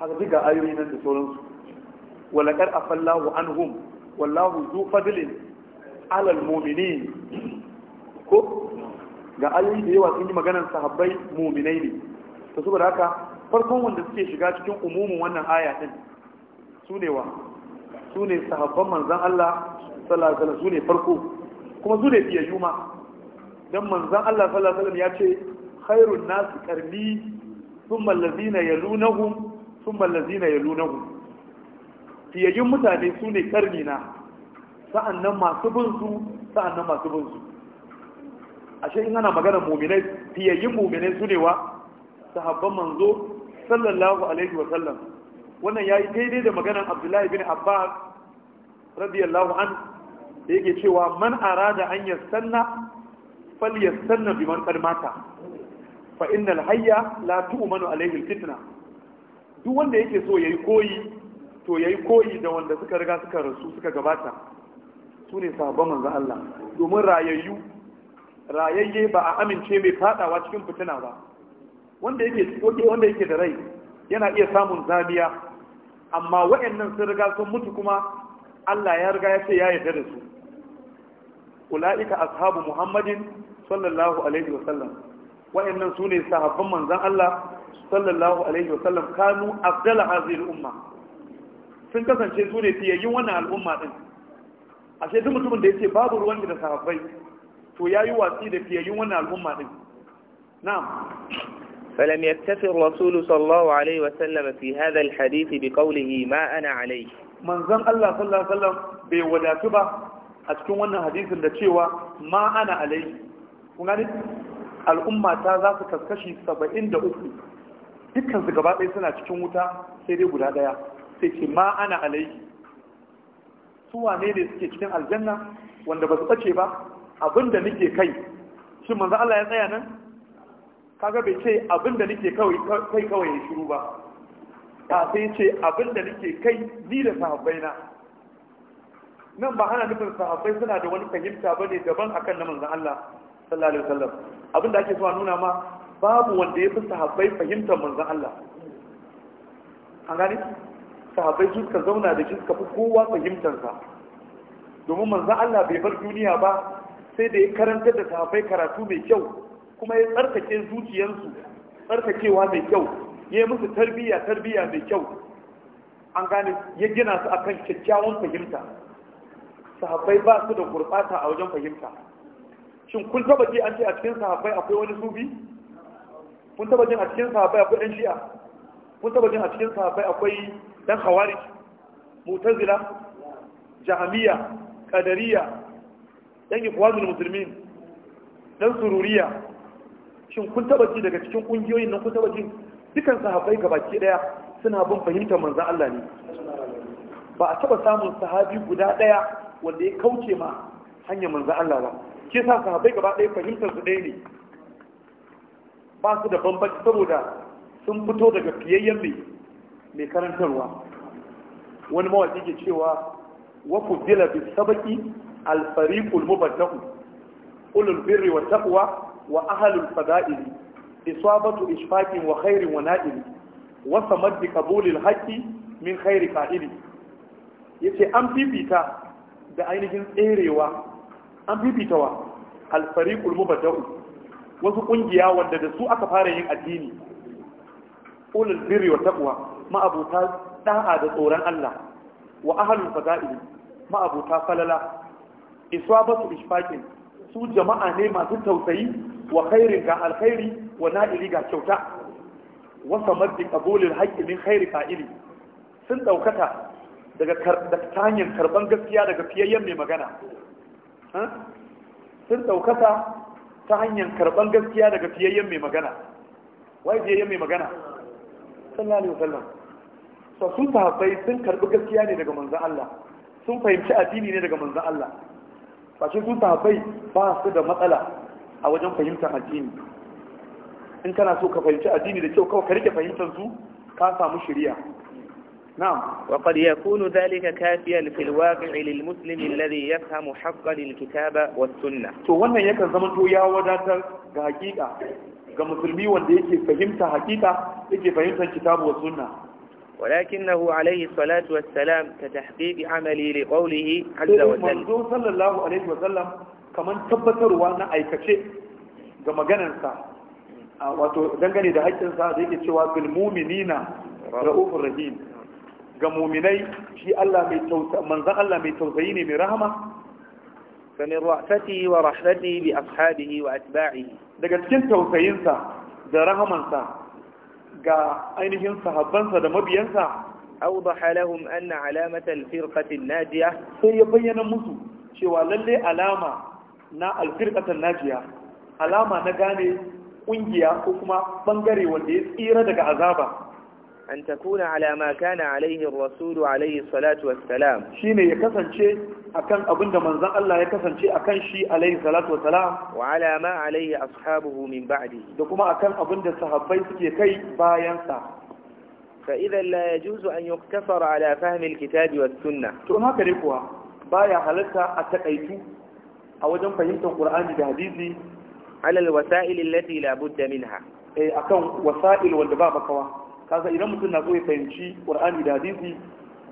أنت diga ayoyi nan da عنهم والله ذو فضل على wallahu zu ko ga ayoyi da yawa sun yi maganar sahabbai mu'minai ne to saboda haka farkon wanda suke shiga cikin umumin wannan aya din sunewa wa su ne sahabban manzan Allah sallallahu alaihi su ne farko kuma su ne fiyayyu ma dan manzan Allah sallallahu alaihi ya ce khairun nas qarni thumma allazina yalunahum thumma allazina yalunahum fiyayyun mutane su ne karni na sa'annan masu bin su sa'annan masu bin su ashe in ana magana muminai fiyayyun muminai su ne wa sahabban manzo sallallahu alaihi wa sallam wannan ya yi daidai da maganar abdullahi bin abbas radiyallahu an da yake cewa man arada an sanna fal sanna bi man ɗan mata fa inna hayya la tu'manu alaihi alfitna duk wanda yake so yayi koyi to yayi koyi da wanda suka riga suka rasu suka gabata su ne sabon manzon Allah domin rayayyu rayayye ba a amince mai fadawa cikin fitina ba wanda yake wanda yake da rai yana iya samun zamiya amma waɗannan sun riga sun mutu kuma Allah ya riga ya ce ya yarda da su ula'ika ashabu muhammadin sallallahu alaihi wa sallam waɗannan su ne sahabban manzon Allah sallallahu alaihi wa sallam kanu afdala hazil umma sun kasance su ne fiyayyun wannan al'umma din ashe duk mutumin da yace babu ruwan da sahabbai to yayi watsi da fiyayyun wannan al'umma din na'am فلم يكتف الرسول صلى الله عليه وسلم في هذا الحديث بقوله ما أنا عليه من زن الله صلى الله عليه وسلم بوداتبة أتكون وانا حديث لتشيوى ما أنا عليه ونالك al'umma ta za su kaskashi saba'in da uku dukkan su gaba ɗaya suna cikin wuta sai dai guda ɗaya sai ce ma ana alai. su wane ne suke cikin aljanna wanda ba su ɓace ba abin da nake kai shi manzo Allah ya tsaya nan kaga bai ce abinda nake kai kawai ya shiru ba ta sai ce abinda nake kai ni da sahabbai na nan ba hana nufin sahabbai suna da wani fahimta ba ne daban akan na manzan Allah sallallahu alaihi wasallam abinda ake so a nuna ma babu wanda ya fi sahabbai fahimtar manzan Allah an gani sahabbai su suka zauna da shi suka fi kowa fahimtarsa domin manzan Allah bai bar duniya ba sai da ya karanta da sahabbai karatu mai kyau kuma ya tsarkake zuciyarsu tsarkakewa mai kyau ya yi musu tarbiyya tarbiyya mai kyau an gane ya gina su akan kyakkyawan fahimta sahabbai ba su da gurɓata a wajen fahimta shin kun taba ji an ce a cikin sahabbai akwai wani sufi kun taba jin a cikin sahabbai akwai ɗan shi'a kun taba jin a cikin sahabbai akwai ɗan hawari mutazila jahamiya kadariya ɗan ikwanul musulmin ɗan sururiya shin kun taba ji daga cikin kungiyoyin nan kun taba ji dukan sahabbai gabaki daya suna bin fahimtar manzon Allah ne ba a taba samun sahabi guda daya wanda ya kauce ma hanyar manzon Allah ba ke sa sahabbai gaba daya fahimtar su ɗaya ne ba su da bambanci saboda sun fito daga fiyayyen mai mai karantarwa wani mawaki ke cewa wa ku bi sabaki al fariqul mubadda'u ulul birri wa taqwa wa ahalul fada'ili isabatu ishfaqin wa khairin wa na'ili wa samad bi qabulil haqqi min khairi qa'ili yace an fifita da ainihin tserewa an fifita wa alfariqul mubada'u wasu kungiya wanda da su aka fara yin addini ulul birri wa taqwa ma'abuta da'a da tsoron Allah wa ahalul fada'ili ma'abuta falala isabatu ishfaqin su jama'a ne masu tausayi wa khairin ga alkhairi wa na'ili ga kyauta wa samar da kabulin haƙƙi min khairi fa'ili sun ɗaukata daga ta hanyar karɓar gaskiya daga fiyayyen mai magana sun ɗaukaka ta hanyar karɓar gaskiya daga fiyayyen mai magana wai fiyayyen mai magana sallallahu alaihi wasallam so sun sahabbai sun karɓi gaskiya ne daga manzon Allah sun fahimci addini ne daga manzon Allah Fashin sun tafai ba su da matsala a wajen fahimtar addini in kana so ka fahimci addini da kyau kawai ka rike fahimtar su ka samu shari'a da وقد يكون ذلك كافيا في الواقع للمسلم الذي يفهم حقا الكتاب والسنة to wannan yakan zama to ya wadatar ga hakika ga musulmi wanda yake fahimtar hakika yake fahimtar kitabu wa sunna ولكنه عليه الصلاة والسلام كتحقيق عملي لقوله عز وجل منذ صلى الله عليه وسلم كمان تبتر وانا اي كشيء كما جننسا wato dangane da haƙƙinsa da yake cewa bilmuminina ra'ufur rahim ga muminai shi Allah mai tausa manzan Allah mai tausayi ne mai wa rahmati bi ashabihi wa atba'ihi daga cikin tausayinsa da rahamansa Daga ainihin sahabbansa da mabiyansa Audu lahum anna alamata al-firqati an sai ya bayyana musu cewa lalle alama na al-firqati najiya alama na gane ƙungiya, ko kuma bangare wanda ya tsira daga azaba an takuna ala ma kana alaihi rasulu alaihi salatu wassalam ne ya kasance akan abin da manzon Allah ya kasance akan shi alaihi salatu wassalam wa alama alayhi ashabuhu min ba'di da kuma akan abin da sahabbai suke kai bayansa. sa la ya juzu an an yuktasar ala fahmi kitabi was sunna. to haka ne kuwa baya halarta a takaitu a wajen fahimtar Ƙur'ani da hadisi ala alwasa'il allati la minha eh akan wasa'il wanda ba makawa kasa idan mutum na so ya fahimci ƙwar'ani da hadisi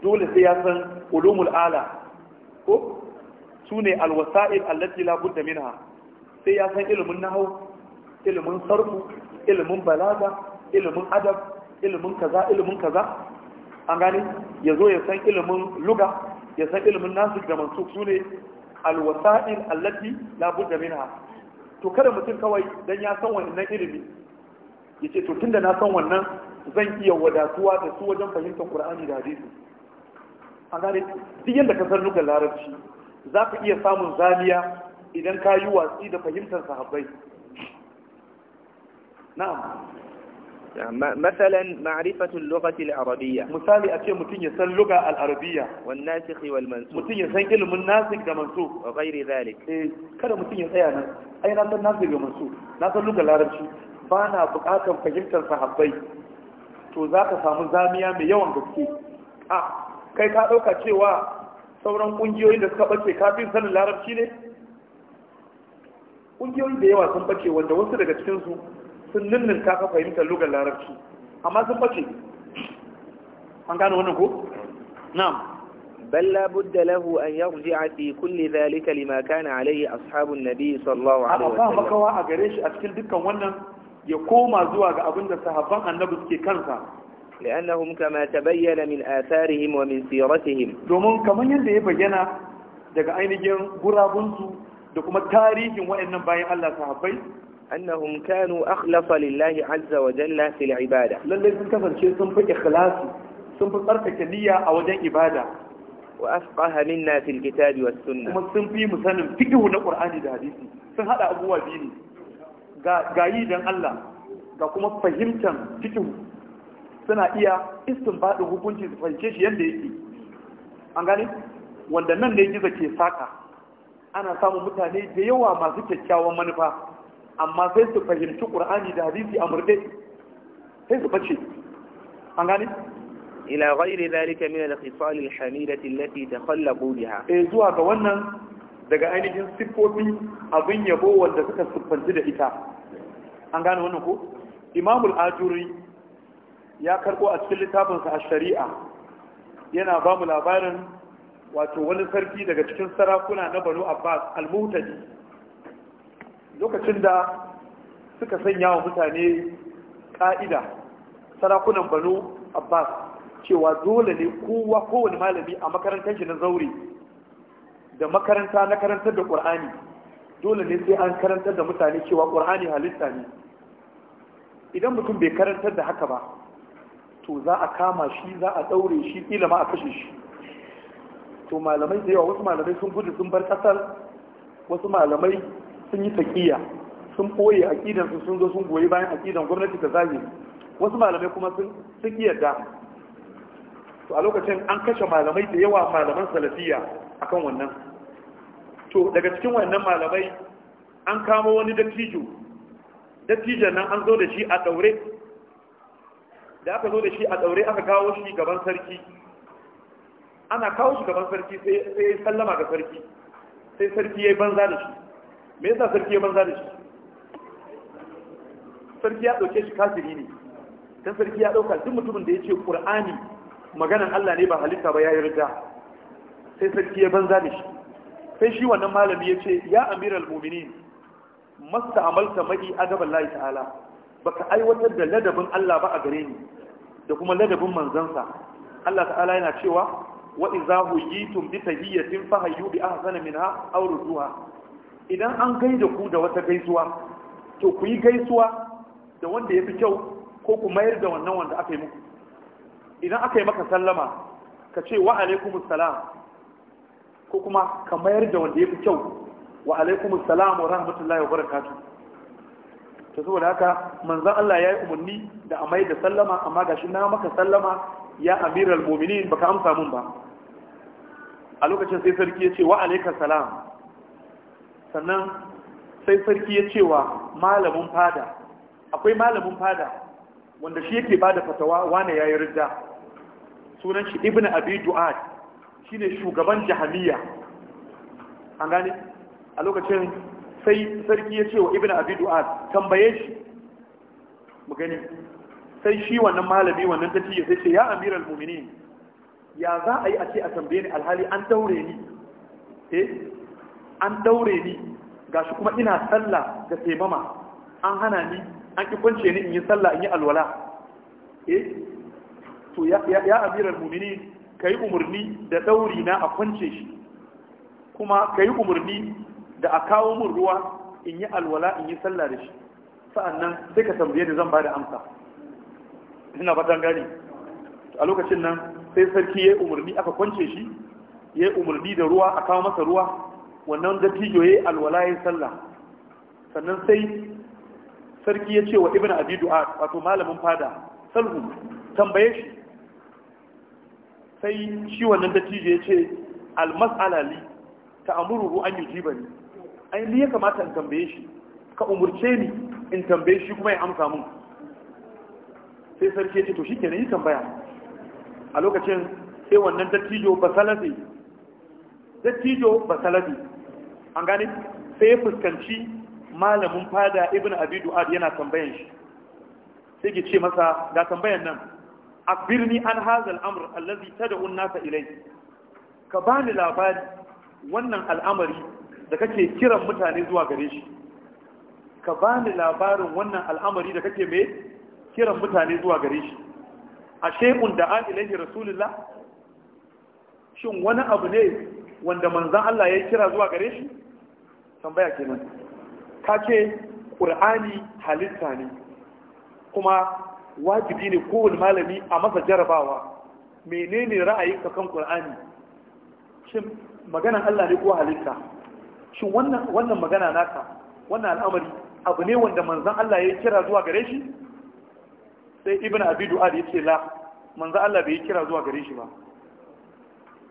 dole sai ya san ulumul ala ko ne alwasa'il allati la budda minha sai ya san ilimin nahwu ilimin sarfu ilimin balaga ilimin adab ilimin kaza ilimin kaza an gane ya zo ya san ilimin luga ya san ilimin nasik da mansuk ne alwasa'il allati la budda minha to kada mutum kawai dan ya san wannan ilimi yace to tunda na san wannan zan iya wadatuwa da su wajen fahimtar ƙura'ani da hadisi a gane duk yadda ka san larabci za ka iya samun zaniya idan ka yi watsi da fahimtar sahabbai na'am مثلا معرفة اللغة العربية مثالي أشياء متنية سن لغة العربية والناسخ والمنسوخ متين يسن علم الناسخ كمنسوخ وغير ذلك إيه كده متين يسن أي ناس الناسخ ومنسوخ ناس اللغة العربية فأنا بقاكم فهمت الصحابي to za ka samu zamiya mai yawan gaske a kai ka ɗauka cewa sauran ƙungiyoyin da suka ɓace kafin sanin larabci ne Ƙungiyoyin da yawa sun ɓace wanda wasu daga cikinsu sun ninnin ka fahimtar lugar larabci amma sun ɓace an gano wannan ko na'am بل لا بد له أن يرجع في كل ذلك لما كان عليه أصحاب النبي صلى الله عليه وسلم أبا مكوا أجريش أتكل دكا ونن ya koma zuwa ga abinda sahaban sahabban annabi suke kansa لأنهم كما تبين من آثارهم ومن سيرتهم domin kamar yadda ya bayyana daga ainihin gurabunsu da kuma tarihin waɗannan bayan Allah sahabbai annahum kanu akhlasa lillahi azza wa jalla fil ibada lalle sun kasance sun fi ikhlasi sun fi a wajen ibada wa afqaha minna fil kitabi was sunnah kuma sun fi musanin fiqhu na Kur'ani da hadisi sun haɗa abubuwa biyu ne ga yi don Allah ga kuma fahimtar cikin suna iya istin baɗin hukunci su fahimce shi yadda yake an gani wanda nan ne gizo ke saka ana samun mutane da yawa masu kyakkyawan manufa amma sai su fahimci ƙur'ani da hadisi a murɗe sai su bace an ghairi zalika min al-khisal al الحميدة allati تخلقوا biha eh zuwa ga wannan daga ainihin siffofi abin yabo wanda suka siffanci da ita an gane wannan ko imamul ajuri ya karbo a cikin littafinsa a shari'a yana ba mu labarin wato wani sarki daga cikin sarakuna na banu abbas al-mutadi lokacin da suka sanya wa mutane ka'ida sarakunan banu abbas cewa dole ne kowa kowane malami a makarantar shi na zaure da makaranta na karantar da ƙur'ani dole ne sai an karantar da mutane cewa ƙur'ani halitta ne idan mutum bai karantar da haka ba to za a kama shi za a daure shi ƙila ma a kashe shi to malamai da yawa wasu malamai sun gudu sun bar ƙasar wasu malamai sun yi taƙiya sun ɓoye su sun zo sun goyi bayan aƙidan gwamnati ta zage. wasu malamai kuma sun yarda to a lokacin an kashe malamai da yawa malaman salafiya akan wannan to daga cikin wannan malamai an kama wani dattijo dattijan nan an zo da shi a daure da aka zo da shi a daure aka kawo shi gaban sarki ana kawo shi gaban sarki sai ya sallama ga sarki sai sarki ya yi banza da shi me yasa sarki ya banza da shi sarki ya ɗauke shi kafiri ne dan sarki ya ɗauka duk mutumin da ya ce ƙur'ani maganan Allah ne ba halitta ba ya rida sai sarki ya banza da shi sai shi wannan malami ya ce ya amiral muminin masta amalta mai adaban layi ta'ala baka aiwatar da ladabin Allah ba a gare ni da kuma ladabin manzansa Allah ta'ala yana cewa wa idza huyitum bi tahiyyatin fahayyu bi ahsana minha aw zuwa. idan an gaida ku da wata gaisuwa to ku yi gaisuwa da wanda yafi kyau ko ku mayar da wannan wanda aka yi muku idan aka yi maka sallama ka ce wa alaikumus salam ko kuma ka mayar da wanda yafi kyau wa alaikumus salam wa rahmatullahi wa barakatuh to saboda haka manzan Allah ya yi umarni da a mai da sallama amma gashi na maka sallama ya amiral mu'minin baka amsa mun ba a lokacin sai sarki ya ce wa alaikas salam sannan sai sarki ya ce wa malamin fada akwai malamin fada wanda shi yake bada fatawa wane yayi rida sunan shi ibnu abi du'ad shine shugaban jahiliya an gane a lokacin sai sarki ya ce wa Ibina abi du'ad tambaye shi mu gani sai shi wannan malami wannan tafiya sai ce ya al-mumini ya za a yi a ce a tambaye ni alhali an daure ni eh an daure ni shi kuma ina sallah da taimama an hana ni an ki kwance ni in yi sallah in yi alwala eh to ya ya amiral mu'minin kai umurni da daure na a kwance shi kuma kai umurni da a kawo mun ruwa in yi alwala in yi sallah da shi sa'annan sai ka tambaye ni zan ba da amsa ina fatan gani a lokacin nan sai sarki ya yi umarni aka kwance shi ya yi umarni da ruwa a kawo masa ruwa wannan dattijo ya yi alwala ya sallah sannan sai sarki ya ce wa ibn abi du'a wato malamin fada salhu tambaye shi sai shi wannan dattijo ya ce al mas'ala li ta'muru an yujibani Ainihin ya kamata in tambaye shi ka umurce ni in tambaye shi kuma ya amsa mun sai sarki ya ce to shi ke yi tambaya a lokacin sai wannan dattijo ba salafi dattijo ba salafi an gane sai ya fuskanci malamin fada ibn abi du'ad yana tambayan shi sai ke ce masa ga tambayan nan akbirni an hazal amr allazi tad'u an-nasa ilayhi ka bani labari wannan al'amari da kake kiran mutane zuwa gare shi ka bani labarin wannan al'amari da kake mai kiran mutane zuwa gare shi a shekun da an ilahi rasulullah shin wani abu ne wanda manzan Allah ya kira zuwa gare shi tambaya kenan ka ce ƙur'ani halitta ne kuma wajibi ne kowane malami a masa jarabawa menene ra'ayinka kan ƙur'ani shin maganan Allah ne ko halitta shin wannan wannan magana naka wannan al'amari abu ne wanda manzan Allah ya kira zuwa gare shi sai ibn abi du'ad ce, la manzon Allah bai kira zuwa gare shi ba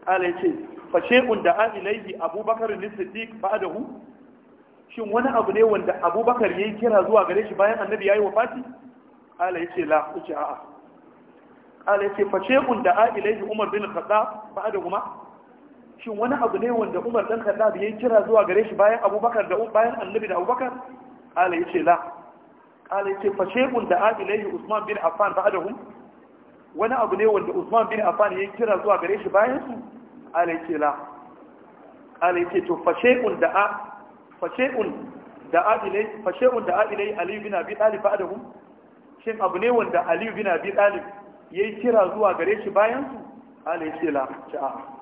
Allah yace fa shay'un da an ilayhi abubakar ba da hu? shin wani abu ne wanda abubakar yayi kira zuwa gare shi bayan annabi ya yayi wafati Allah ce, la ce a'a Allah yace fa shay'un da an ilayhi umar bin khattab ba'dahu ma shin wani abu ne wanda umar dan khattab yayin kira zuwa gare shi bayan abubakar da bayan annabi da abubakar kala yace la kala yace fa shay'un da abilayhi usman bin affan ba'dahum wani abu ne wanda usman bin affan yayin kira zuwa gare shi bayan su kala yace la kala yace to fa shay'un da fa shay'un da abilayhi fa shay'un da abilayhi ali bin abi talib ba'dahum shin abu ne wanda ali bin abi talib yayin kira zuwa gare shi bayan su kala yace la ta'a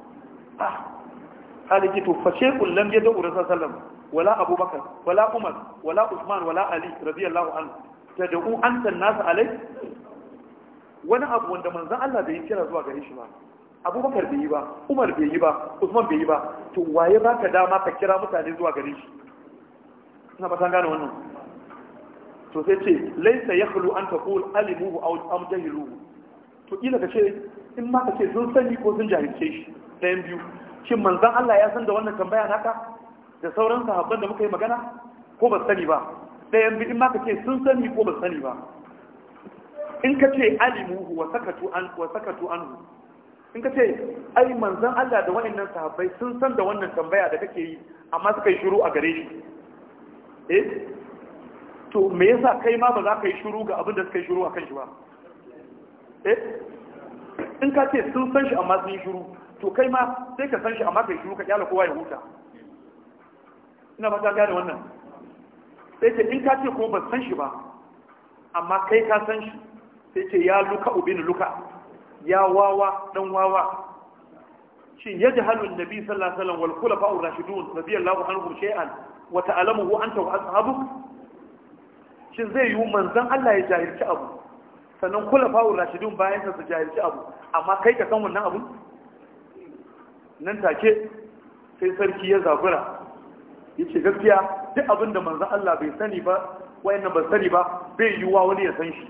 قال to fashe kullum يدعو da urasa sallam wala Abubakar, wala Umar, wala Usman, wala Ali, radiyallahu ولا ta da ku an san nasu alai. wani abu wanda manzan Allah bai yi kira zuwa gare shi ba abubakar bai yi ba umar bai yi ba usman bai yi ba to waye ba ka dama ka kira mutane zuwa gare shi ina ba san gane wannan to sai ce laisa yakhlu an taqul alimuhu aw am to kila ka ce in ma ka ce sun sani ko sun jahilce shi ɗayan biyu shin manzan Allah ya san da wannan tambaya naka da sauran sahabban da muka yi magana ko ba sani ba ɗayan biyu in ma ka ce sun sani ko ba sani ba in ka ce alimu wa sakatu an wa sakatu an in ka ce ai manzan Allah da wa'annan sahabbai sun san da wannan tambaya da kake yi amma suka yi shiru a gare shi eh to me yasa kai ma ba za ka yi shiru ga abin da suka yi shiru a kan shi ba eh in ka ce sun san shi amma sun yi shiru to kai ma sai ka san shi amma kai shiru ka kyala kowa ya huta ina ba ta gane wannan sai ce in ka ce ko ban san shi ba amma kai ka san shi sai ce ya luka ubin luka ya wawa dan wawa shin yajhalu nabi sallallahu alaihi wasallam wal khulafa'ur rashidun radiyallahu anhum shay'an wa ta'lamuhu anta wa ashabuk shin zai yi manzon Allah ya jahilci abu sannan khulafa'ur rashidun bayan sa su jahilci abu amma kai ka san wannan abu nan take sai sarki ya zabura ya ce gaskiya duk abin da manzan Allah bai sani ba nan ba sani ba bai yiwuwa wani ya san shi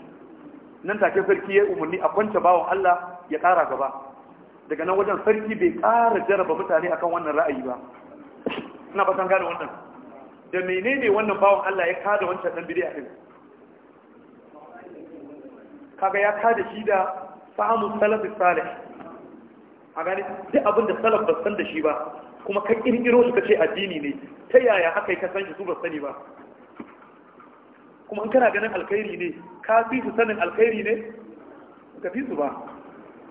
nan take sarki ya umarni a kwance bawan Allah ya ƙara gaba daga nan wajen sarki bai ƙara jaraba mutane akan wannan ra'ayi ba ina ba san gane wannan da menene wannan bawan Allah ya kada wancan dan bidiya din kaga ya kada shi da samu salafi salih a gani duk abin da salaf ba san da shi ba kuma ka kirkiro su ka ce addini ne ta yaya aka yi ka san shi su ba sani ba kuma in kana ganin alkhairi ne ka fi su sanin alkhairi ne ka fi su ba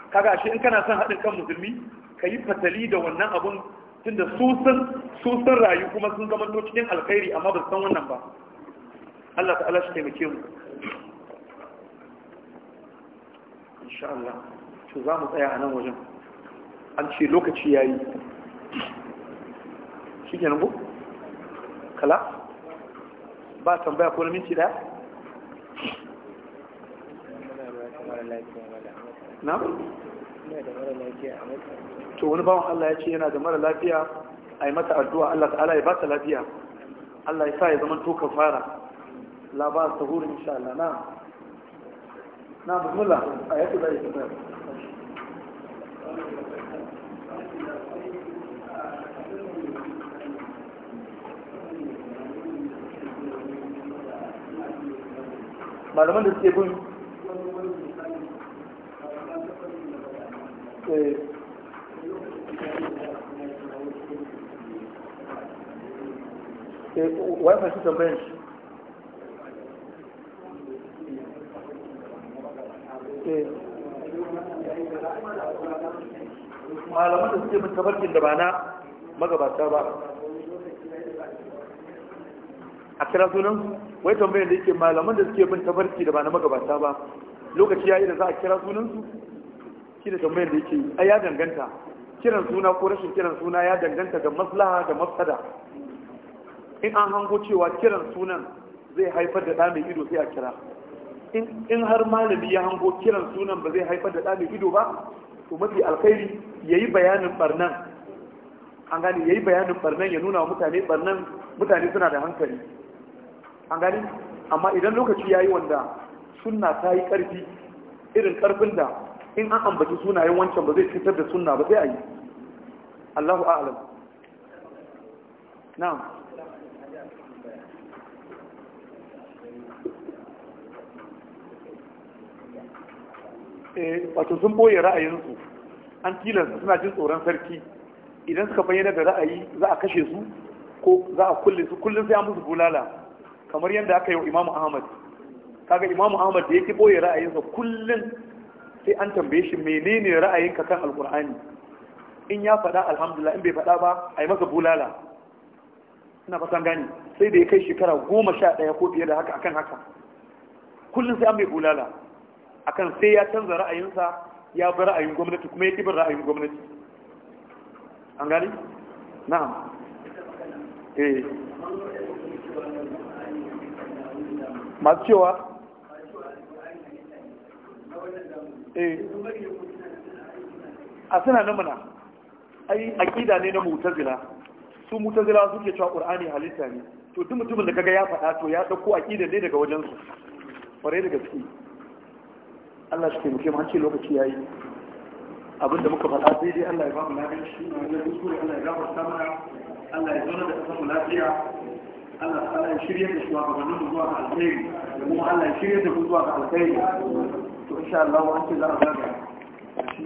kaga shi in kana son haɗin kan musulmi ka yi fatali da wannan abun tunda su sun su sun rayu kuma sun zama to cikin alkhairi amma ba san wannan ba Allah ta'ala shi taimake mu insha Allah to za mu tsaya a nan wajen an ce lokaci ya yi shi ke nan kala ba tambaya ko na minti daya na? to wani bawan Allah ya ce yana da mara lafiya a yi mata addu'a Allah ta'ala ya ba ta lafiya Allah ya sa ya zama to ka fara ba ta huri insha Allah na na bismillah a yake da ya malaman da suke bin eh. eh, wai fashe tambayin shi eh. malaman da suke bin tabarkin da ba na magabata ba a kira sunan wai tambayar da yake malaman da suke bin tafarki da ba na magabata ba lokaci ya yi da za a kira sunan su shi da tambayar da yake a ya danganta kiran suna ko rashin kiran suna ya danganta ga maslaha da mafsada in an hango cewa kiran sunan zai haifar da ɗamin ido sai a kira in har malami ya hango kiran sunan ba zai haifar da ɗamin ido ba to mafi alkhairi ya yi bayanin barnan an gane ya yi bayanin barnan ya nuna wa mutane barnan mutane suna da hankali an gani amma idan lokaci ya yi wanda suna ta yi ƙarfi irin ƙarfin da in an ambaci sunayen wancan ba zai cutar da suna ba zai a yi allahu a'alam na eh, wato sun boye ra'ayinsu an tilasta suna jin tsoron sarki idan suka bayyana da ra'ayi za a kashe su ko za a kulle su kullum sai an musu bulala kamar yadda aka yi wa imamu ahmad kaga imamu ahmad da yake boye ra'ayinsa kullum sai an tambaye shi menene ra'ayinka kan alkur'ani in ya faɗa alhamdulillah in bai faɗa ba a yi masa bulala ina fatan gani sai da ya kai shekara goma sha ɗaya ko fiye da haka akan haka kullum sai an bai bulala akan sai ya canza ra'ayinsa ya bi ra'ayin gwamnati kuma ya ƙi ra'ayin gwamnati an gani na'am Eh. masu cewa eh. a suna nan mana ai akida ne na mutazila su mutazila suke cewa qur'ani halitta ne to duk mutumin da kaga ya faɗa to ya ɗauko akida ne daga wajensu, su da gaske Allah shi ke mutum ce lokaci yi. abin da muka faɗa sai dai Allah ya ba mu lafiya shi ne kuskure Allah ya gafarta mana Allah ya zauna da kasar mu lafiya Allah ta'ala ya shirya da shi wa gabanin zuwa ga alkhairi kuma Allah ya shirya da zuwa ga alkhairi to insha Allah an ce za a zaga